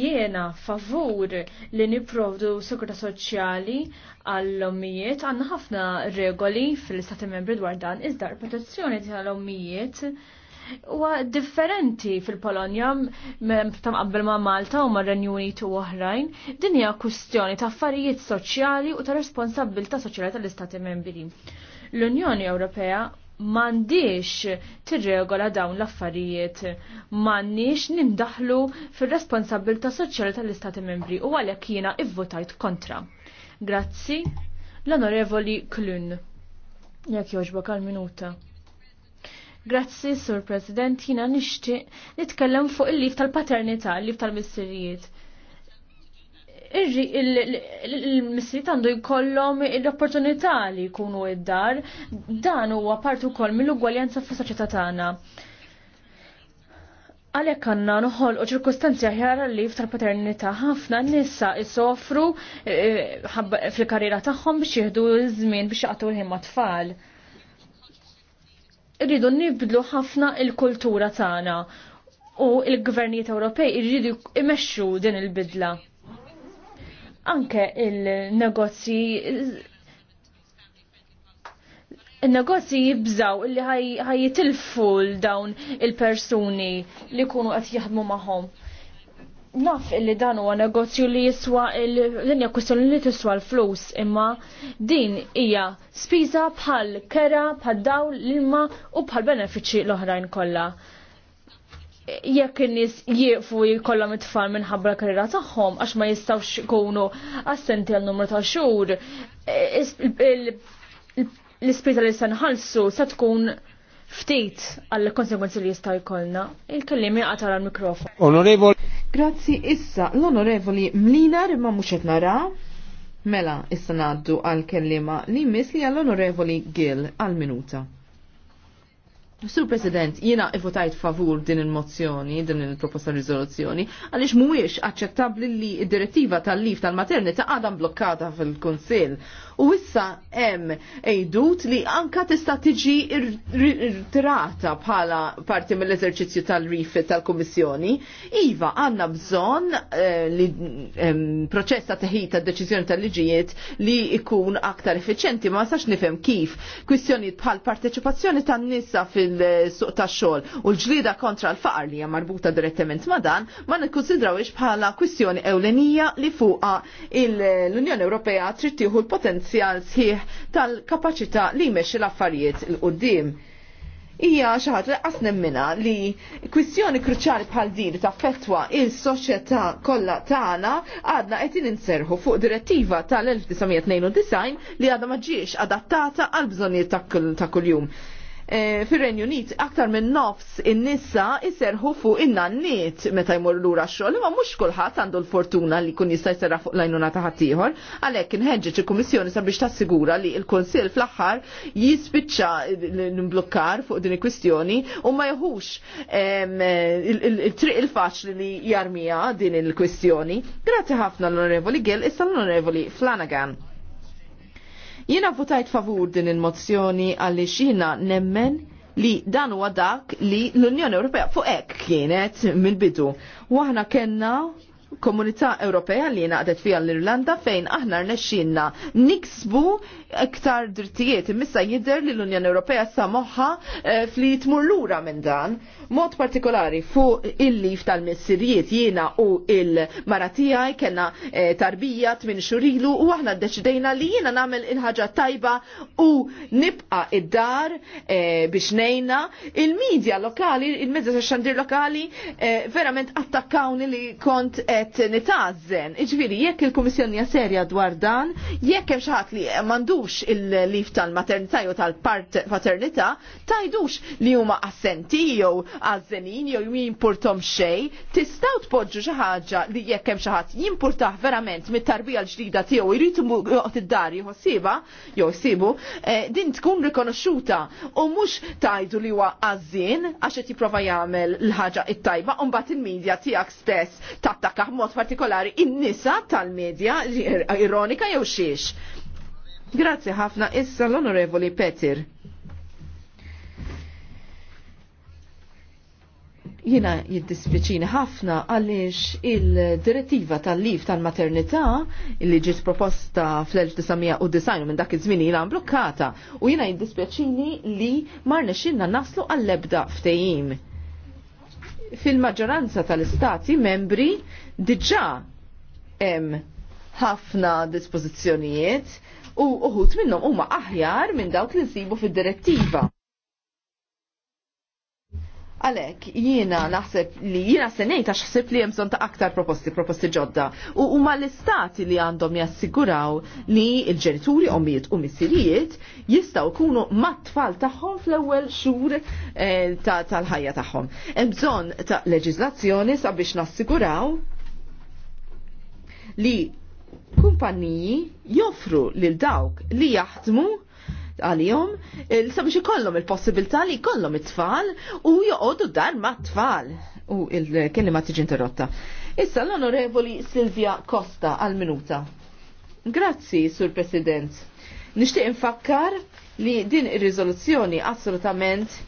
Speaker 4: jiena favur li niprovdu sekurta soċjali għall-ommijiet għandna ħafna regoli fil-Stati membri dwar dan iżda protezzjoni tal-ommijiet huwa differenti fil-Polonja qabbel ma' Malta u ma' Renjuni u oħrajn, din hija kwistjoni ta' affarijiet soċjali u ta' responsabilità soċjali tal-Istati membri. L-Unjoni Ewropea mandiex tirregola dawn l-affarijiet, mandiex nindaħlu fil-responsabilta soċjali tal-Istati membri u għalhekk jiena ivvotajt kontra. Grazzi l-Onorevoli Klun. Jek joġbok għal-minuta. Grazzi, Sur President, jina nixtieq nitkellem fuq il-lif tal-paternità, il-lif tal-missirijiet il-missit għandu jkollhom l-opportunità li jkunu id-dar, dan huwa partu ukoll mill-ugwaljanza fis-soċjetà tagħna. Għalhekk għandna noħolqu ċirkustanzja ħjara li ftar paternità ħafna nisa jisofru eh, fil-karriera tagħhom biex jieħdu żmien biex jgħatu l-ħin ma' tfal. Irridu nibdlu ħafna il-kultura tagħna u il-gvernijiet Ewropej irridu imexxu din il-bidla anke il-negozji il-negozji jibżaw li ħajitilfu l-dawn il-persuni li kunu qed jaħdmu magħhom. Naf illi dan huwa negozju li jiswa l-linja kwistjoni li tiswa l-flus imma din hija spiża bħal kera, bħal dawl l-ilma u bħal benefiċċji l-oħrajn kollha jekk in-nies jieqfu jkollhom it-tfal minnħabba l-karriera tagħhom għax ma jistawx ikunu assenti għal numru ta' xhur, e, l spita li se nħallsu se tkun ftit għall konsegwenzi li jista' jkollna.
Speaker 1: Il-kellimi għatar għal mikrofon.
Speaker 2: Onorevoli.
Speaker 1: Grazzi issa l-onorevoli Mlina imma mhux qed nara. Mela, issa ngħaddu għal kellima li misli għall-onorevoli Gill għal minuta. Sur President, jina votajt favur din il-mozzjoni, din il-proposta rizoluzzjoni, għalix mhuwiex aċċettabbli li id-direttiva tal-lif tal ta' għadha blokkata fil-Kunsill. U issa hemm ejdut li anka tista' tiġi irtirata bħala parti mill-eżerċizzju tal rif tal komissjoni Iva, għandna bżonn eh, li proċessa ta' teħid tad-deċiżjoni tal-liġijiet li ikun aktar effiċenti ma sax nifhem kif kwistjonijiet bħal parteċipazzjoni tan-nisa fil suq ta' xogħol u l-ġlida kontra l-faqar li hija marbuta direttament ma' dan ma nikkunsidrawx bħala kwistjoni ewlenija li fuqa l-Unjoni Ewropea trid tieħu l-potenzjal sħiħ tal-kapaċità li jmexxi l-affarijiet il qudiem Ija xaħat li qasnem minna li kwistjoni kruċali bħal din taffettwa fetwa il-soċjetà kollha tagħna għadna qed inserħu fuq direttiva tal-1992 li għadha ma ġiex adattata għal bżonnijiet ta' kuljum. Eh, fir-Renju Unit aktar minn nofs in-nisa iserħu fuq in-nanniet meta jmur lura x-xogħol, imma mhux kulħadd għandu l-fortuna li jkun jista' jserraħ fuq lajnuna ta' ħaddieħor, għalhekk inħeġġeġ il-Kummissjoni sabiex tassigura li l-Kunsill fl-aħħar jispiċċa nimblukkar fuq din il-kwistjoni u ma jħux il-triq il-faċli li jarmija din il-kwistjoni. Grazzi ħafna l-Onorevoli Gill, issa l-Onorevoli Flanagan. Jiena votajt favur din il-mozzjoni għalli xina nemmen li dan huwa dak li l-Unjoni Ewropea fuq hekk kienet mill-bidu. Waħna kellna komunità Ewropea li naqdet fija l-Irlanda fejn aħna rnexxinna niksbu iktar drittijiet imissa jidher li l-Unjoni Ewropea sa moħħa eh, fli tmur lura minn dan. Mod partikolari fuq il-lif tal-missirijiet jiena u il-mara kena eh, tarbija tmin xurilu u aħna ddeċidejna li jiena nagħmel il-ħaġa tajba u nibqa' id-dar eh, biex nejna il-medja lokali, il medja xandir lokali verament attakkawni li kont qed nitazzen. Iġviri, jekk il kumissjoni serja dwar dan, jekk hemm xi ħadd li m'għandux il-lif tal-maternità jew tal-paternità, tajdux li huma assenti jew għażenin jew jimpurtom xejn, tistgħu tpoġġu xi ħaġa li jekk hemm xi ħadd jimpurtah verament mit-tarbija l-ġdida tiegħu jrid joqgħod id-dar jħossiba jew jsibu, eh, din tkun rikonoxxuta u mhux tajdu li huwa għażin għax qed jipprova jagħmel l-ħaġa it-tajba u mbagħad il-medja tiegħek stess tattakaħ mod partikolari in-nisa tal-medja ironika jew xiex. Grazzi ħafna issa l-Onorevoli Petir. jina jiddispiċini ħafna għaliex il-direttiva tal-lif tal-maternità li ġiet proposta fl-1990 minn dak iż-żmien ilha mblukkata u jina jiddispiċini li ma naslu għall-ebda ftehim fil-maġġoranza tal-istati membri diġà hemm ħafna dispożizzjonijiet u uħut minnhom huma aħjar minn dawk li nsibu fid-direttiva. Għalek, jiena naħseb li jiena senejta għax li jemżon ta' aktar proposti, proposti ġodda. U huma l-istati li għandhom jassiguraw li il-ġenituri, ommijiet u missirijiet jistaw kunu mat-tfal tagħhom fl-ewwel xhur eh, tal-ħajja tagħhom. Hemm bżonn ta' leġiżlazzjoni sabiex nassiguraw li kumpanniji joffru lil dawk li jaħdmu għalihom sabiex ikollhom il-possibilità li jkollhom it-tfal u joqogħdu dar ma' tfal u il-kelima tiġi interrotta. Issa l-Onorevoli Silvia Costa għal-minuta. Grazzi, Sur President. Nixtieq infakkar li din ir-riżoluzzjoni assolutament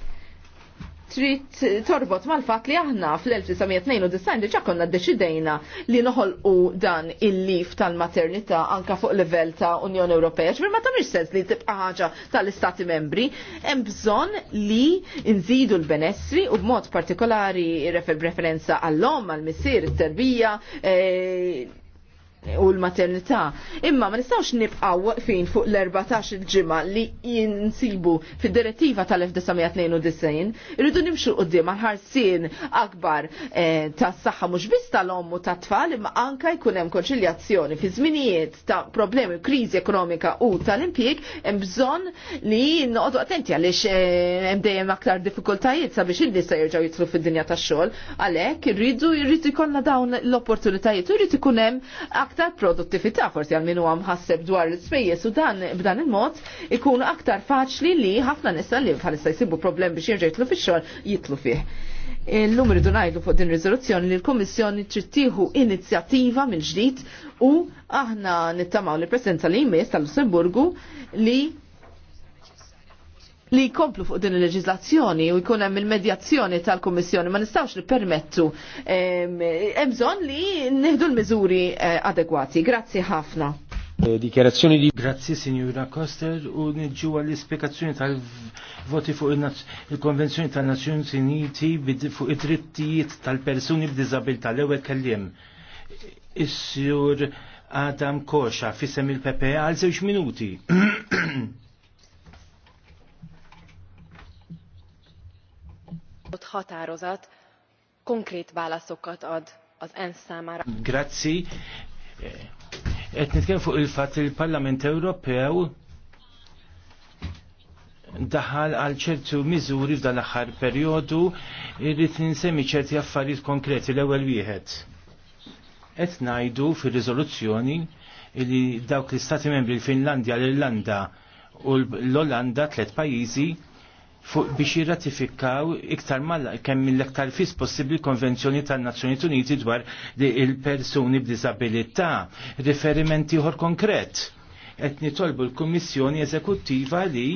Speaker 1: trid torbot mal-fatt li aħna fl-1992 diġà konna deċidejna li noħolqu dan il-lif tal-maternità anka fuq livell ta' Unjoni Ewropea. Ġbir ma tamix sens li tibqa' ħaġa tal-Istati membri, hemm bżonn li nżidu l-benessri u b'mod partikolari referenza għall-om, għall-missier, it-terbija, eh, u l-maternità. Imma ma nistawx nibqaw waqfin fuq l-14 il-ġimgħa li jinsibu fid-direttiva tal-1992, irridu nimxu qudiem ħarsien akbar eh, tas-saħħa mhux biss tal ommu u tat-tfal imma anka jkun hemm konċiljazzjoni fi żminijiet ta' problemi krizi ekonomika u tal-impjieg hemm bżonn li noqogħdu attenti għaliex eh, hemm dejjem aktar diffikultajiet sabiex il nisa jirġaw jitlu fid-dinja tax-xogħol, għalhekk irridu jridu jkollna dawn l-opportunitajiet u jrid hemm aktar aktar produttività forsi għal minu għam ħasseb dwar l-spejjes u dan b'dan il-mod ikunu aktar faċli li ħafna nisa li bħalissa jisibu problem biex jitlu fi xol jitlu fih. l numri dunajdu fuq din rizoluzzjoni li l-Komissjoni trittiħu inizjattiva mill ġdid u aħna nittamaw li presenza li jmiss tal-Lussemburgu li li jkomplu fuq din il-leġizlazzjoni u jkun hemm il-medjazzjoni tal-Kummissjoni ma nistgħux nippermettu hemm bżonn li nieħdu l-miżuri eh, adegwati. Grazzi ħafna.
Speaker 5: Eh, Dikjerazzjoni di Grazzi Sinjura Koster u niġġu għall-ispjegazzjoni tal-voti fuq il-Konvenzjoni tan-Nazzjoni Uniti fuq id-drittijiet tal-persuni b'diżabilità l-ewwel kelliem. Is-sur Adam Kosha fisem il-PPA għal żewġ minuti. [clears throat]
Speaker 1: határozat konkrét válaszokat ad az ENSZ számára.
Speaker 5: Grazzi. Etnit kell fuq il-fatt il-Parlament Ewropew daħal għal ċertu miżuri f'dan l-aħħar perjodu irrid ninsemmi ċerti affarijiet konkreti l-ewwel wieħed. Qed ngħidu fir-riżoluzzjoni li dawk l-Istati Membri l-Finlandja, l-Irlanda u l-Olanda tliet pajjiżi fuq biex jirratifikaw iktar malla kemm mill-iktar fis possibbli konvenzjoni tan-Nazzjonijiet Uniti dwar il-persuni b'disabilità, riferimenti ieħor konkret. Qed nitolbu l-Kummissjoni Eżekuttiva li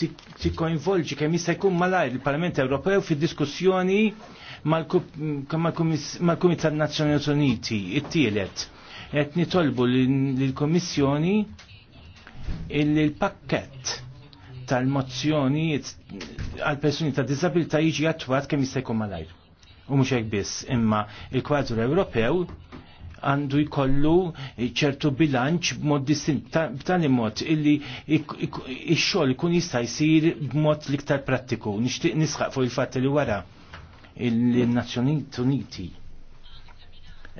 Speaker 5: tikkoinvolġi kemm jista' jkun malajr il-Parlament Ewropew fid-diskussjoni mal-Kumitat Nazzjonijiet Uniti, it-tielet. Qed nitolbu lill-Kummissjoni il-pakket tal-mozzjonijiet għal persuni ta' disabilità jiġi attwat kemm jista' jkun malajr. U mhux hekk biss, imma il-kwadru Ewropew għandu jkollu ċertu bilanċ b'mod distint b'tali mod illi x xogħol ikun jista' jsir b'mod l-iktar prattiku. Nixtieq nisħaq fuq il-fatt li wara il-Nazzjonijiet Uniti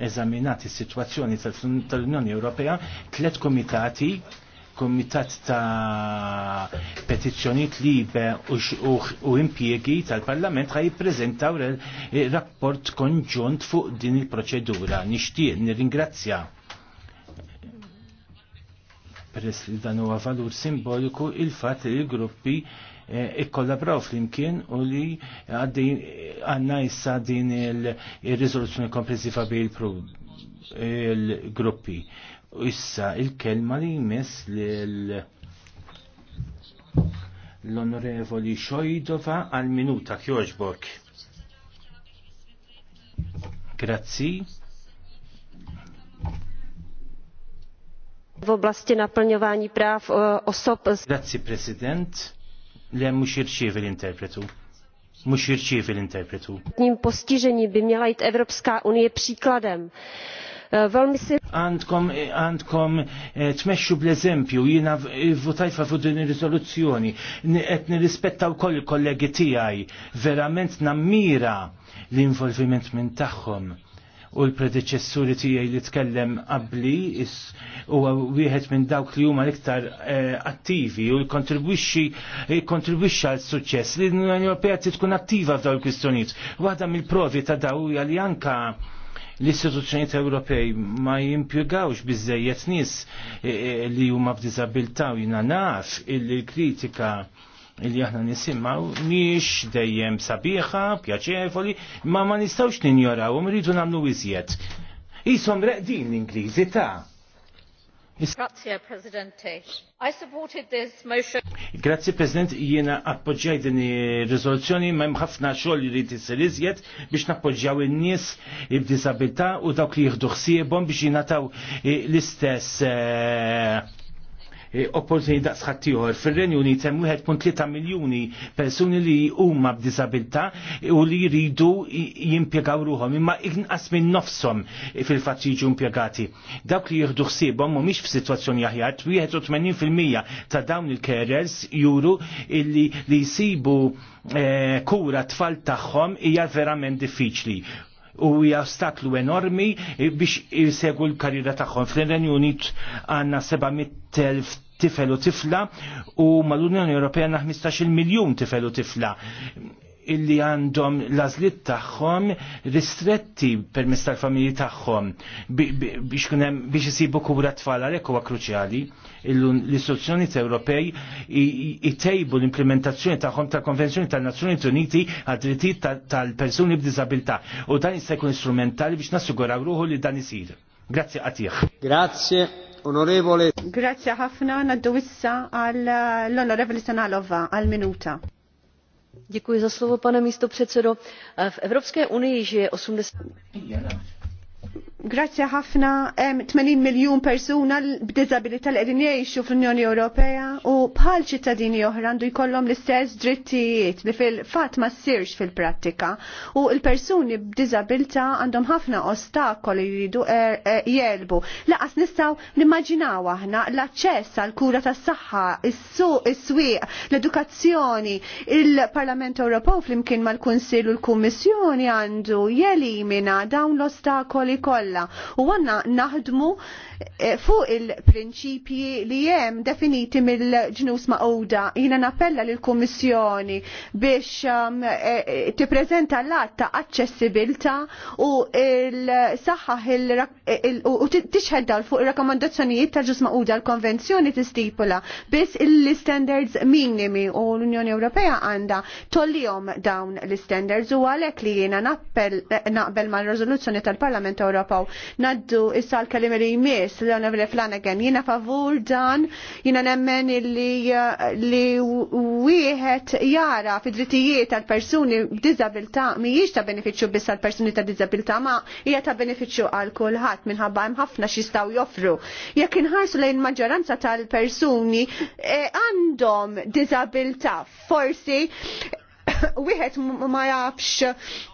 Speaker 5: eżaminat is-sitwazzjoni tal-Unjoni Ewropea tliet komitati Komitat ta' Petizzjoniet Libe u impiegi tal-Parlament ħaj jippreżentaw rapport konġunt fuq din il-proċedura. Nixtieq nirringrazzja peress li dan huwa valur simboliku il-fatt li l-gruppi eh, ikkollabraw flimkien u li għanna issa din il-rizoluzzjoni komprensiva bil-gruppi. U issa il-kelma li jmiss lil l-onorevoli Xojdova għal minuta kjoġbok. Grazzi.
Speaker 6: w oblasti naplňování práv eh, osob.
Speaker 5: Grazie, prezident. Le mux jirċievi l-interpretu. Mux jirċievi interpretu
Speaker 6: Ním postižení by měla jít Evropská unie příkladem. Eh,
Speaker 5: għandkom eh, għandkom eh, tmexxu bl-eżempju, jiena votajt favur din ir-riżoluzzjoni, qed nirrispetta wkoll il-kollegi tiegħi, verament nammira l-involviment minn tagħhom u l-predeċessuri tiegħi li tkellem qabli u wieħed minn dawk li huma l-iktar attivi u jkontribwixxi jkontribwixxi għal suċċess li l-Unjoni Ewropea tkun attiva f'dawn il-kwistjonijiet. Waħda mill-provi ta' daw hija li anka l-istituzzjonijiet Ewropej ma jimpjegawx biżejjed nies e, e, li huma b'diżabilità u jiena naf il-kritika li aħna nisimgħu mhix dejjem sabiħa, pjaċevoli, ma ma nistgħux ninjoraw u rridu nagħmlu iżjed. Isom reqdin l-Ingliżi ta' Grazie President, jiena appoġġaj din ir-riżoluzzjoni hemm ħafna xogħol li jrid isir iżjed biex nappoġġjaw in-nies b'diżabilità u dawk li jieħdu ħsiebhom biex jingħataw l-istess eh, E, opportunità daqsħat tiħor. Fil-Renju Unit hemm 1.3 miljuni persuni li huma b'disabilità u li jridu jimpjegaw ruhom imma inqas minn nofshom fil-fatt jiġu impjegati. Dawk li jieħdu ħsiebhom mhumiex f'sitwazzjoni aħjar, 81% ta' dawn il-carers juru illi li jsibu e, kura tfal tagħhom hija verament diffiċli u hija ostaklu enormi biex jisegu l-karriera tagħhom. Fl-Renju Unit għandna 700 tifel u tifla u mal-Unjoni Ewropea na 15 miljun tifel u tifla illi għandhom lażliet tagħhom ristretti permezz tal-familji tagħhom biex kunem biex isibu kura tfal għalhekk huwa kruċjali l-istituzzjoni Ewropej itejbu l-implementazzjoni tagħhom tal-Konvenzjoni tan-Nazzjonijiet Uniti għad-drittijiet tal-persuni b'diżabilità u dan jista' jkun istrumentali biex nassiguraw ruħu li dan isir. Grazzi
Speaker 6: għatih. Grazie onorevole. Grazie ħafna, naddu issa għall-onorevole eh, Sanalova għal-minuta. Děkuji za slovo, pane místo předsedo.
Speaker 1: Eh, v Evropské unii žije 80...
Speaker 6: Grazzi ħafna, 80 miljon persuna b'dizabilità li qegħdin jgħixu fl-Unjoni Ewropea u bħal ċittadini oħra għandu jkollhom l-istess drittijiet li fil-fatt ma ssirx fil-prattika u l-persuni b'dizabilità għandhom ħafna ostakoli li jridu e, e, jelbu. Laqas nistgħu nimmaġinaw aħna l-aċċess għal kura tas-saħħa, is-suq, is-swieq, l-edukazzjoni, il-Parlament Ewropew flimkien mal-Kunsill u l-Kummissjoni għandu jelimina dawn l-ostakoli kollha kollha u għanna naħdmu Eh, fuq il-prinċipji li jem definiti mill-ġnus maqoda. Jina nappella l komissjoni biex um, e, tippreżenta l-att ta' accessibilta u il-saħħaħ u tixħed fuq il-rakkomandazzjonijiet ta' ġnus maqoda l-konvenzjoni tistipula biss il-standards minimi u l-Unjoni Ewropea għanda tollijom dawn l-standards u għalek li jina naqbel ma' l-rezoluzzjoni tal-Parlament Ewropew naddu issa l-kalimeri jmir stess, l-Onorevole Flanagan. Jina favur dan, jina nemmen li, li wieħed jara fi drittijiet tal-persuni b'diżabilità mhijiex ta' benefiċċju biss tal-persuni ta' diżabilità ma hija ta' benefiċċju għal kulħadd minħabba hemm ħafna jistgħu joffru. Jekk inħarsu lejn maġġoranza tal-persuni e, għandhom diżabilità forsi [coughs] wieħed ma jafx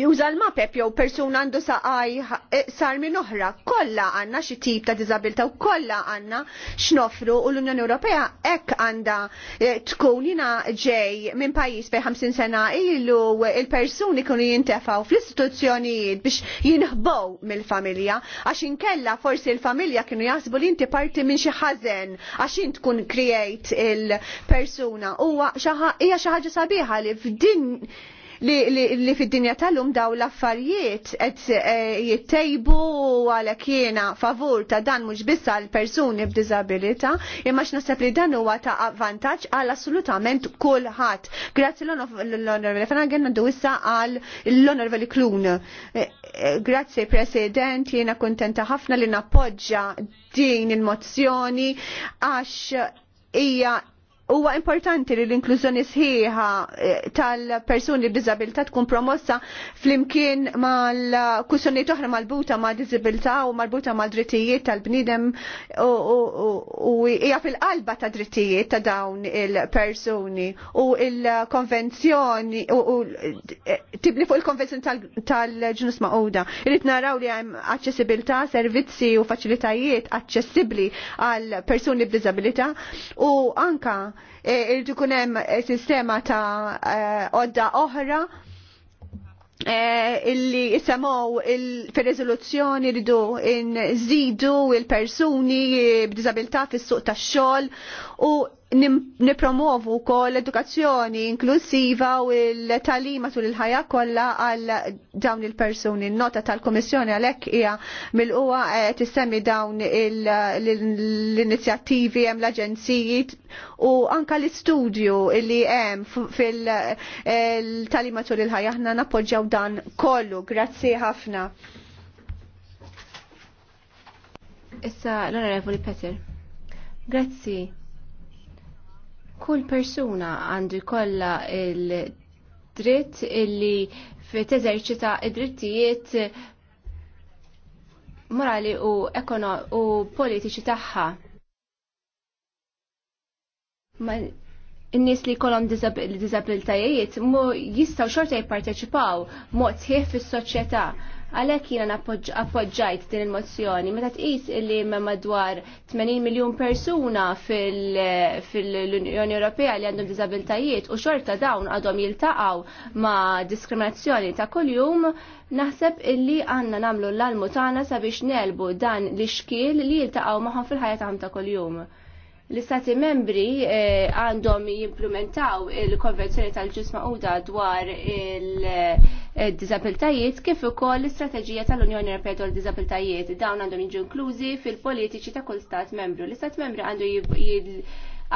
Speaker 6: juża l-mapep jew persuna għandu saqaj e, sar minn oħra, kollha għandna xi tip ta' diżabilità u kollha għandna x'nofru u l-Unjoni Ewropea hekk għandha e, tkun jina ġej minn pajjiż fejn 50 sena ilu il-persuni kunu jintefgħu fl-istituzzjonijiet biex jinħbow mill-familja għax inkella forsi l-familja kienu jaħsbu li inti parti minn xi ħażen għax int tkun create il-persuna huwa hija xi ħaġa sabiħa li f'din li fid-dinja tal-lum daw l-affarijiet qed eh, jittejbu għalhekk jiena favur ta' dan mhux biss għal persuni b'diżabilità, imma x'naħseb li dan huwa ta' avvantaġġ għal assolutament kulħadd. Grazzi l-Onorevoli Fanagen għandu issa għal l-Onorevoli Klun. Eh, eh, grazzi President, jiena kuntenta ħafna li nappoġġa din il-mozzjoni għax hija huwa importanti li l-inklużjoni sħiħa eh, tal-persuni b'diżabilità tkun promossa flimkien mal-kussjonijiet oħra malbuta ma' diżabilità u marbuta mal drittijiet tal-bniedem u hija fil-qalba ta' drittijiet ta' dawn il-persuni u il-konvenzjoni u tibni fuq il-konvenzjoni tal-ġnus ma'uda. Irrid naraw li hemm aċċessibilità, servizzi u faċilitajiet aċċessibbli għal persuni b'diżabilità u anka Eh, irridu jkun hemm eh, sistema ta' eh, odda oħra illi jisamaw fil-rezoluzzjoni rridu nżidu il-persuni b'diżabilità fis-suq tax-xogħol u nipromovu kol edukazzjoni inklusiva u l-talima tul il-ħajja kollha għal dawn il-persuni. Nota tal-Komissjoni għalhekk hija mill-qwa tissemmi dawn l-inizjattivi hemm l-aġenziji u anka l-istudju li hemm fil-talima tul il-ħajja aħna nappoġġjaw dan kollu. Grazzi ħafna.
Speaker 7: Issa l-Onorevoli Peter. Grazzi. Kull persuna għandu jkollha il-dritt illi teżerċita id-drittijiet morali u, u politiċi tagħha. N-nies li kolom disabiltajiet mu jistaw xorta jipparteċipaw mod sħiħ fis-soċjetà Għalhekk jiena appoġġajt din il-mozzjoni meta tqis illi madwar 80 miljun persuna fil-Unjoni Ewropea li għandhom diżabiltajiet u xorta dawn għadhom jiltaqgħu ma' diskriminazzjoni ta' kuljum, naħseb illi għandna nagħmlu l-almu tagħna sabiex nelbu dan l-ixkiel li jiltaqgħu magħhom fil-ħajja tagħhom ta' kuljum. L-Istati membri eh, għandhom jimplementaw il-Konvenzjoni tal-ġisma Uda dwar il-dizabiltajiet eh, kif ukoll l-Istrateġija tal-Unjoni Ewropea dwar il-Dizabiltajiet. Dawn għandhom jiġu inklużi fil-politiċi ta' kull stat membru. L-Istat membri għandu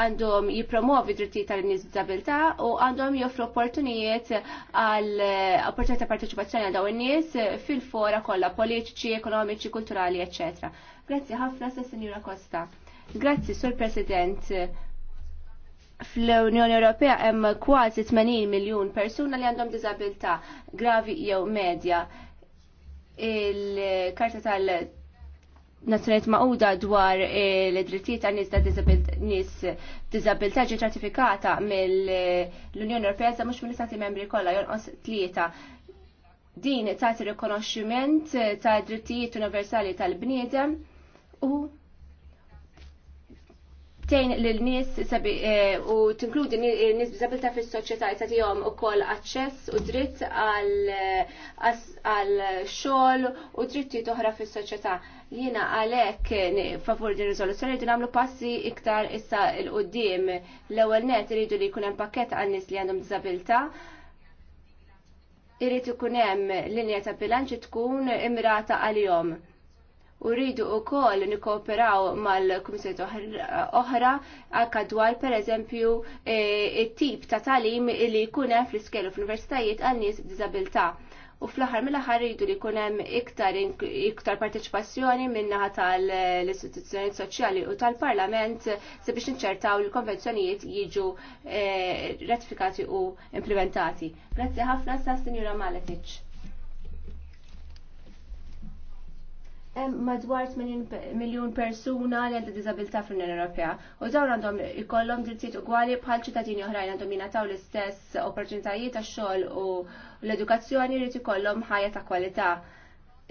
Speaker 7: għandhom jipromovi drittijiet tal-nies b'disabilità u għandhom joffru opportunijiet għal opportunità ta' parteċipazzjoni għal dawn in-nies fil-fora kollha politiċi, ekonomiċi, kulturali, eccetera. Grazzi ħafna sa' Sinjura Costa. Grazzi, Sur President. Fl-Unjoni Ewropea hemm kważi 80 miljun persuna li għandhom diżabilità gravi jew medja. Il-Karta tal nazzjonijiet Maquda dwar l-drittijiet ta' nies diżabilità ġiet ratifikata mill-Unjoni Ewropea sa mhux mill-Istati Membri kollha jonqos tlieta din tagħti rikonoxximent ta' drittijiet universali tal-bniedem u tejn l-nis eh, u tinkludi nis eh, bizabilta fis soċjetà jisa tijom u koll access u dritt għal xol u dritti toħra fis soċjetà Jina għalek favur din rizoluzjoni rridu namlu passi iktar issa l-qoddim l-ewel net rridu li kunem pakket għal nis li għandhom bizabilta irrid ikun hemm linja ta' bilanċ tkun imrata għalihom u rridu u kol nikoperaw mal komissariet oħra għakka dwar per eżempju eh, it-tip ta' talim li kunem fl-iskelu fl-universitajiet għal nies b'diżabilità. U fl-aħħar mill ħar rridu li kunem iktar iktar partecipazzjoni minnaħa tal-istituzzjoni soċjali u tal-Parlament sabiex nċertaw li konvenzjonijiet jiġu eh, ratifikati u implementati. Grazzi ħafna sa' Sinjura Maletic. madwar 8 miljon persuna li għandha disabilità fl-Unjoni Ewropea u dawn għandhom ikollhom drittijiet ugwali bħal ċittadini oħrajn għandhom jingħataw l-istess opportunitajiet tax-xogħol u l-edukazzjoni li ikollhom ħajja ta' kwalità.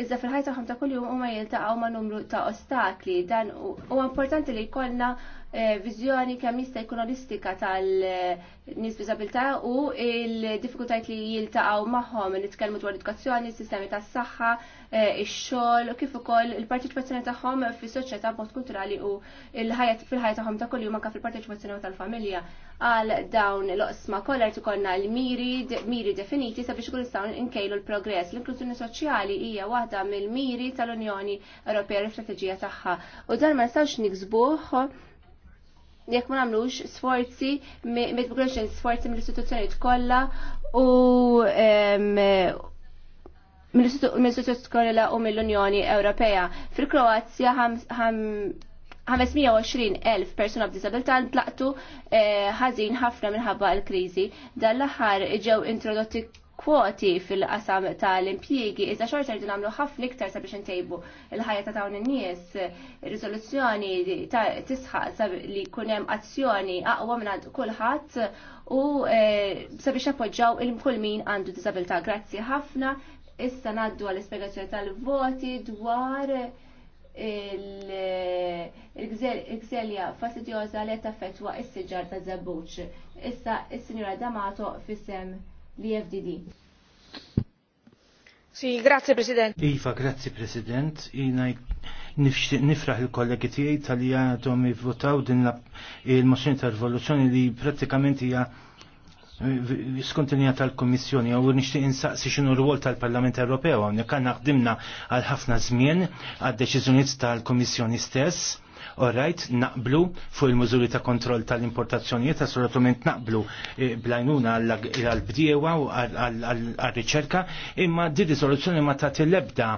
Speaker 7: Iżda fil-ħajja tagħhom ta' kuljum huma jiltaqgħu ma' numru ta' ostakli dan huwa importanti li jkollna Eh, viżjoni kemm jista' jkun olistika tal-nies b'diżabilità u l-diffikultajiet li jiltaqgħu magħhom li tkellmu dwar edukazzjoni, sistemi tas-saħħa, eh, ix-xogħol u kif ukoll il-parteċipazzjoni tagħhom fis-soċjetà mod kulturali u l-ħajja fil-ħajja tagħhom ta' kuljum anke fil-parteċipazzjoni tal-familja għal dawn l-oqsma kollha qed ikollna l-miri miri definiti sabiex ikun nistgħu nkejlu l-progress. L-inklużjoni soċjali hija waħda mill-miri tal-Unjoni Ewropea l-istrateġija tagħha u dan ma nistgħux niksbuh jekk ma nagħmlux sforzi, ma jkunx sforzi mill-istituzzjonijiet kollha u mill-istituzzjonijiet kollha u mill-Unjoni Ewropea. Fil-Kroazja 520.000 persuna b'disabilità ntlaqtu eh, ħażin ħafna minħabba l-kriżi. Dan l-aħħar ġew introdotti kwoti fil-qasam tal-impjiegi, iżda xorta rridu nagħmlu ħafna iktar sabiex intejbu il-ħajja ta' dawn in-nies, riżoluzzjoni tisħaq li jkun hemm azzjoni aqwa minn kulħadd u e, sabiex appoġġaw il-kull min għandu disabilità. Grazzi ħafna. Issa ngħaddu għall-ispjegazzjoni tal-voti dwar il-gżelja fastidjoża li taffettwa is-siġar ta' Zabuċ. Issa is-Sinjura Damato fissem BFDD. Sì, grazie President.
Speaker 5: Iva, grazie President. Ina nifraħ il-kollegi tiegħi tal-li għadhom ivvotaw din il-mozzjoni ta' rivoluzzjoni li prattikament hija eh, skontinja tal-Komissjoni għu nishtiq insaqsi xinu r-rwol tal-Parlament Ewropew hawnhekk għandna ħdimna għal ħafna żmien għad deċiżjonijiet tal-Komissjoni stess Orajt, naqblu fuq il-mużuri ta' kontroll tal-importazzjonijiet, assolutament naqblu eh, blajnuna għal-bdiewa u għal-riċerka, imma di risoluzzjoni ma ta' lebda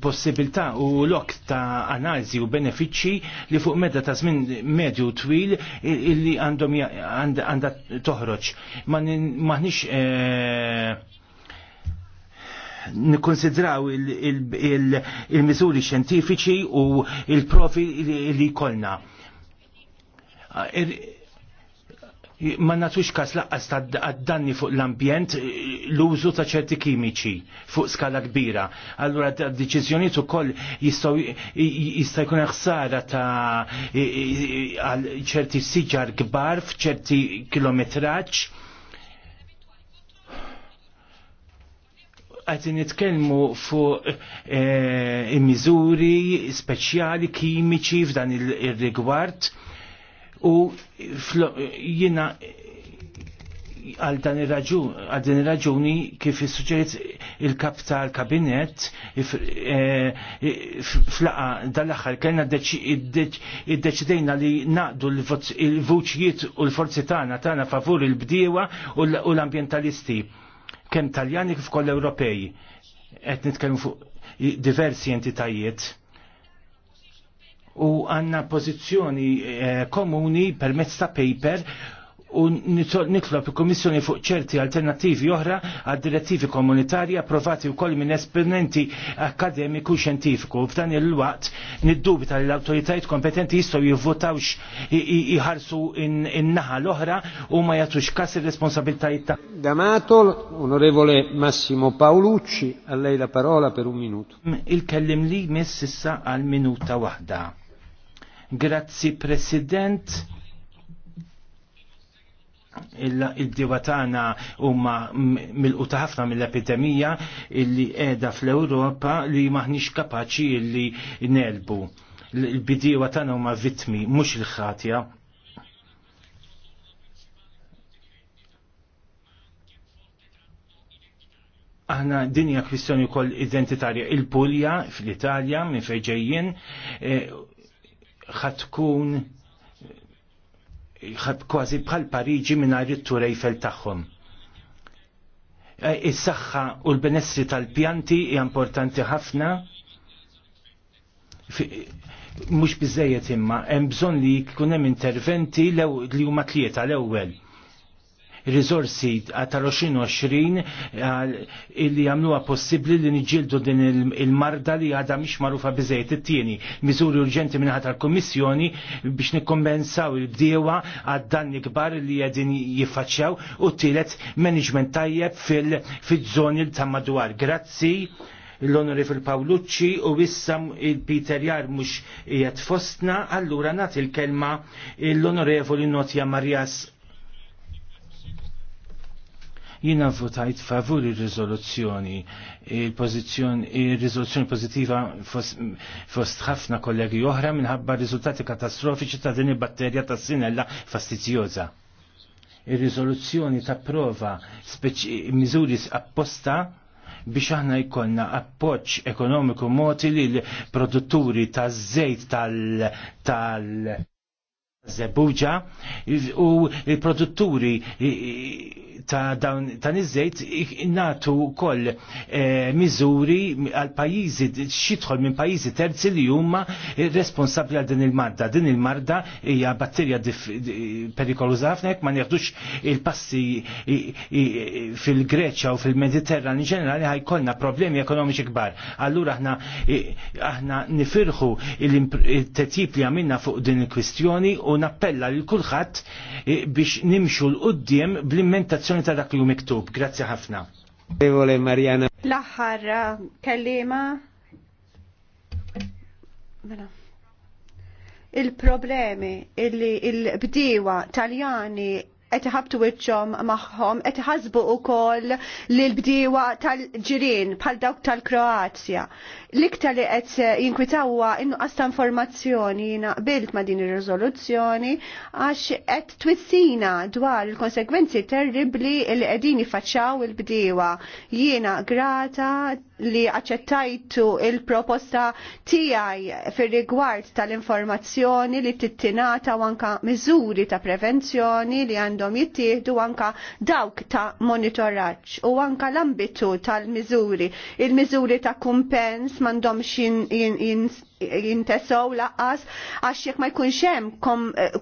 Speaker 5: possibilità u lok ta' analizi u benefiċċji li fuq medda ta' żmien medju twil illi għandhom għandha toħroġ. Ma nix nikkonsidraw il-miżuri xjentifiċi u il-profi li kolna. Ma natux kas laqqas ta' danni fuq l-ambjent l-użu ta' ċerti kimiċi fuq skala kbira. Allura d deċizjoni ukoll jista' jkun ħsara ta' ċerti siġar kbar f'ċerti kilometraġġ għati nitkelmu fuq il-mizuri eh, eh, speċjali kimiċi f'dan il-rigward u jina għal dan ir-raġuni kif din ir kif il-kap tal-kabinet flaqa eh, dal-aħħar kellna iddeċidejna li naqdu l-vuċijiet u l-forzi tagħna tagħna favur il-bdiewa u l-ambjentalisti kemm Taljani kif koll Ewropej qed nitkellmu fuq diversi entitajiet u għanna pożizzjoni eh, komuni permezz ta' paper u nitlob il-Komissjoni fuq ċerti alternativi oħra għad direttivi komunitarji approvati wkoll minn esperimenti akademiku xjentifiku. F'dan il-waqt niddubita li l autoritajt kompetenti jistgħu jivvotawx jħarsu in-naħa l-oħra u ma jagħtux kas ir-responsabiltajiet ta'
Speaker 2: Damatol, onorevole Massimo Paolucci, a lei la parola per un minuto. Il-kellim li miss issa għal minuta
Speaker 5: waħda. Grazzi President il diwa tagħna huma quta ħafna mill-epidemija illi qiegħda fl-Ewropa li maħniex kapaċi illi nelbu. Il-bidiewa tagħna huma vittmi mhux il-ħatja. aħna dinja kwistjoni kol identitarja. Il-Pulja fl-Italja minn fejġejjien eh, ħatkun eh, kważi bħal Pariġi mingħajr it-turejfel tagħhom. E, is-saħħa u l-benessri tal-pjanti hija importanti ħafna mhux biżejjed imma hemm bżonn li jkun hemm interventi li huma tlieta l-ewwel rizorsi tal-2020 illi għamluha possibbli li nġildu din il-marda li għadha mhix magħrufa biżejjed it-tieni. Miżuri urġenti minn tal-Kummissjoni biex nikkombensaw il-bdiewa għad-danni kbar li qegħdin jiffaċċjaw u tielet management tajjeb fil-żoni ta' madwar. Grazzi l fil Pawlucci u wissam il-Peter Jar mux jgħat fostna, allura nat il-kelma l-Onorevoli Notja Marjas Jina votajt favur il-rizoluzzjoni, il-rizoluzzjoni pozitiva fost ħafna kollegi oħra minħabba riżultati katastrofiċi ta' din il-batterja ta' sinella fastizjoza. Il-rizoluzzjoni ta' prova miżuri apposta biex aħna jkollna appoġġ ekonomiku moti li l-produtturi ta' żejt tal-, tal Zebuġa u il-produtturi ta' dawn ta' nizzejt natu koll eh, miżuri għal pajizi xitħol minn pajizi terzi li huma responsabli għal din il-marda. Din il-marda hija batterja perikoluża ħafna ma nieħdux il-passi fil-Greċja u fil-Mediterran in ġenerali ħajkollna problemi ekonomiċi kbar. Allura aħna aħna nifirħu il-tetjib li għamilna fuq din il-kwistjoni u u nappella lil kulħadd eh, biex nimxu l-qudiem bl-immentazzjoni ta' dak li hu miktub. Grazzi ħafna.
Speaker 2: Marjana.
Speaker 6: L-aħħar eh, kellima. Mela il-problemi illi il-bdiewa taljani qed iħabtu wiċċhom magħhom qed iħasbu wkoll lill bdiewa tal-ġirien bħal dawk tal-Kroazja. L-iktar li qed jinkwitawwa innu ta' informazzjoni naqbilt ma' din ir-riżoluzzjoni għax qed twissina dwar il-konsekwenzi terribli li qegħdin jifaċċaw il-bdiewa. Jiena grata li aċċettajtu il-proposta tiegħi fir-rigward tal-informazzjoni li tittinata u anka miżuri ta' prevenzjoni li għandhom għandhom jittieħdu anka dawk ta' monitoraġġ u anka l-ambitu tal-miżuri, il-miżuri ta' kumpens m'għandhomx jintesow laqqas għax jekk ma jkunx hemm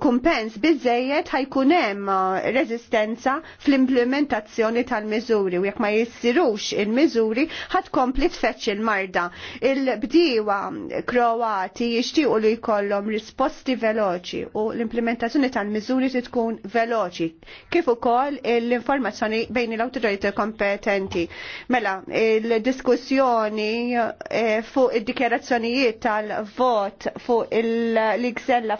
Speaker 6: kumpens biżejjed ħajkun hemm uh, reżistenza fl-implementazzjoni tal-miżuri u jekk ma jissirux il-miżuri ħad kompli tfeċċ il-marda. Il-bdiewa Kroati jixtiequ li jkollhom risposti veloċi u l-implementazzjoni tal-miżuri tkun veloċi kif ukoll l-informazzjoni bejn l awtorità kompetenti. Mela, il-diskussjoni eh, fuq id dikjarazzjonijiet tal tal vot fuq il gżella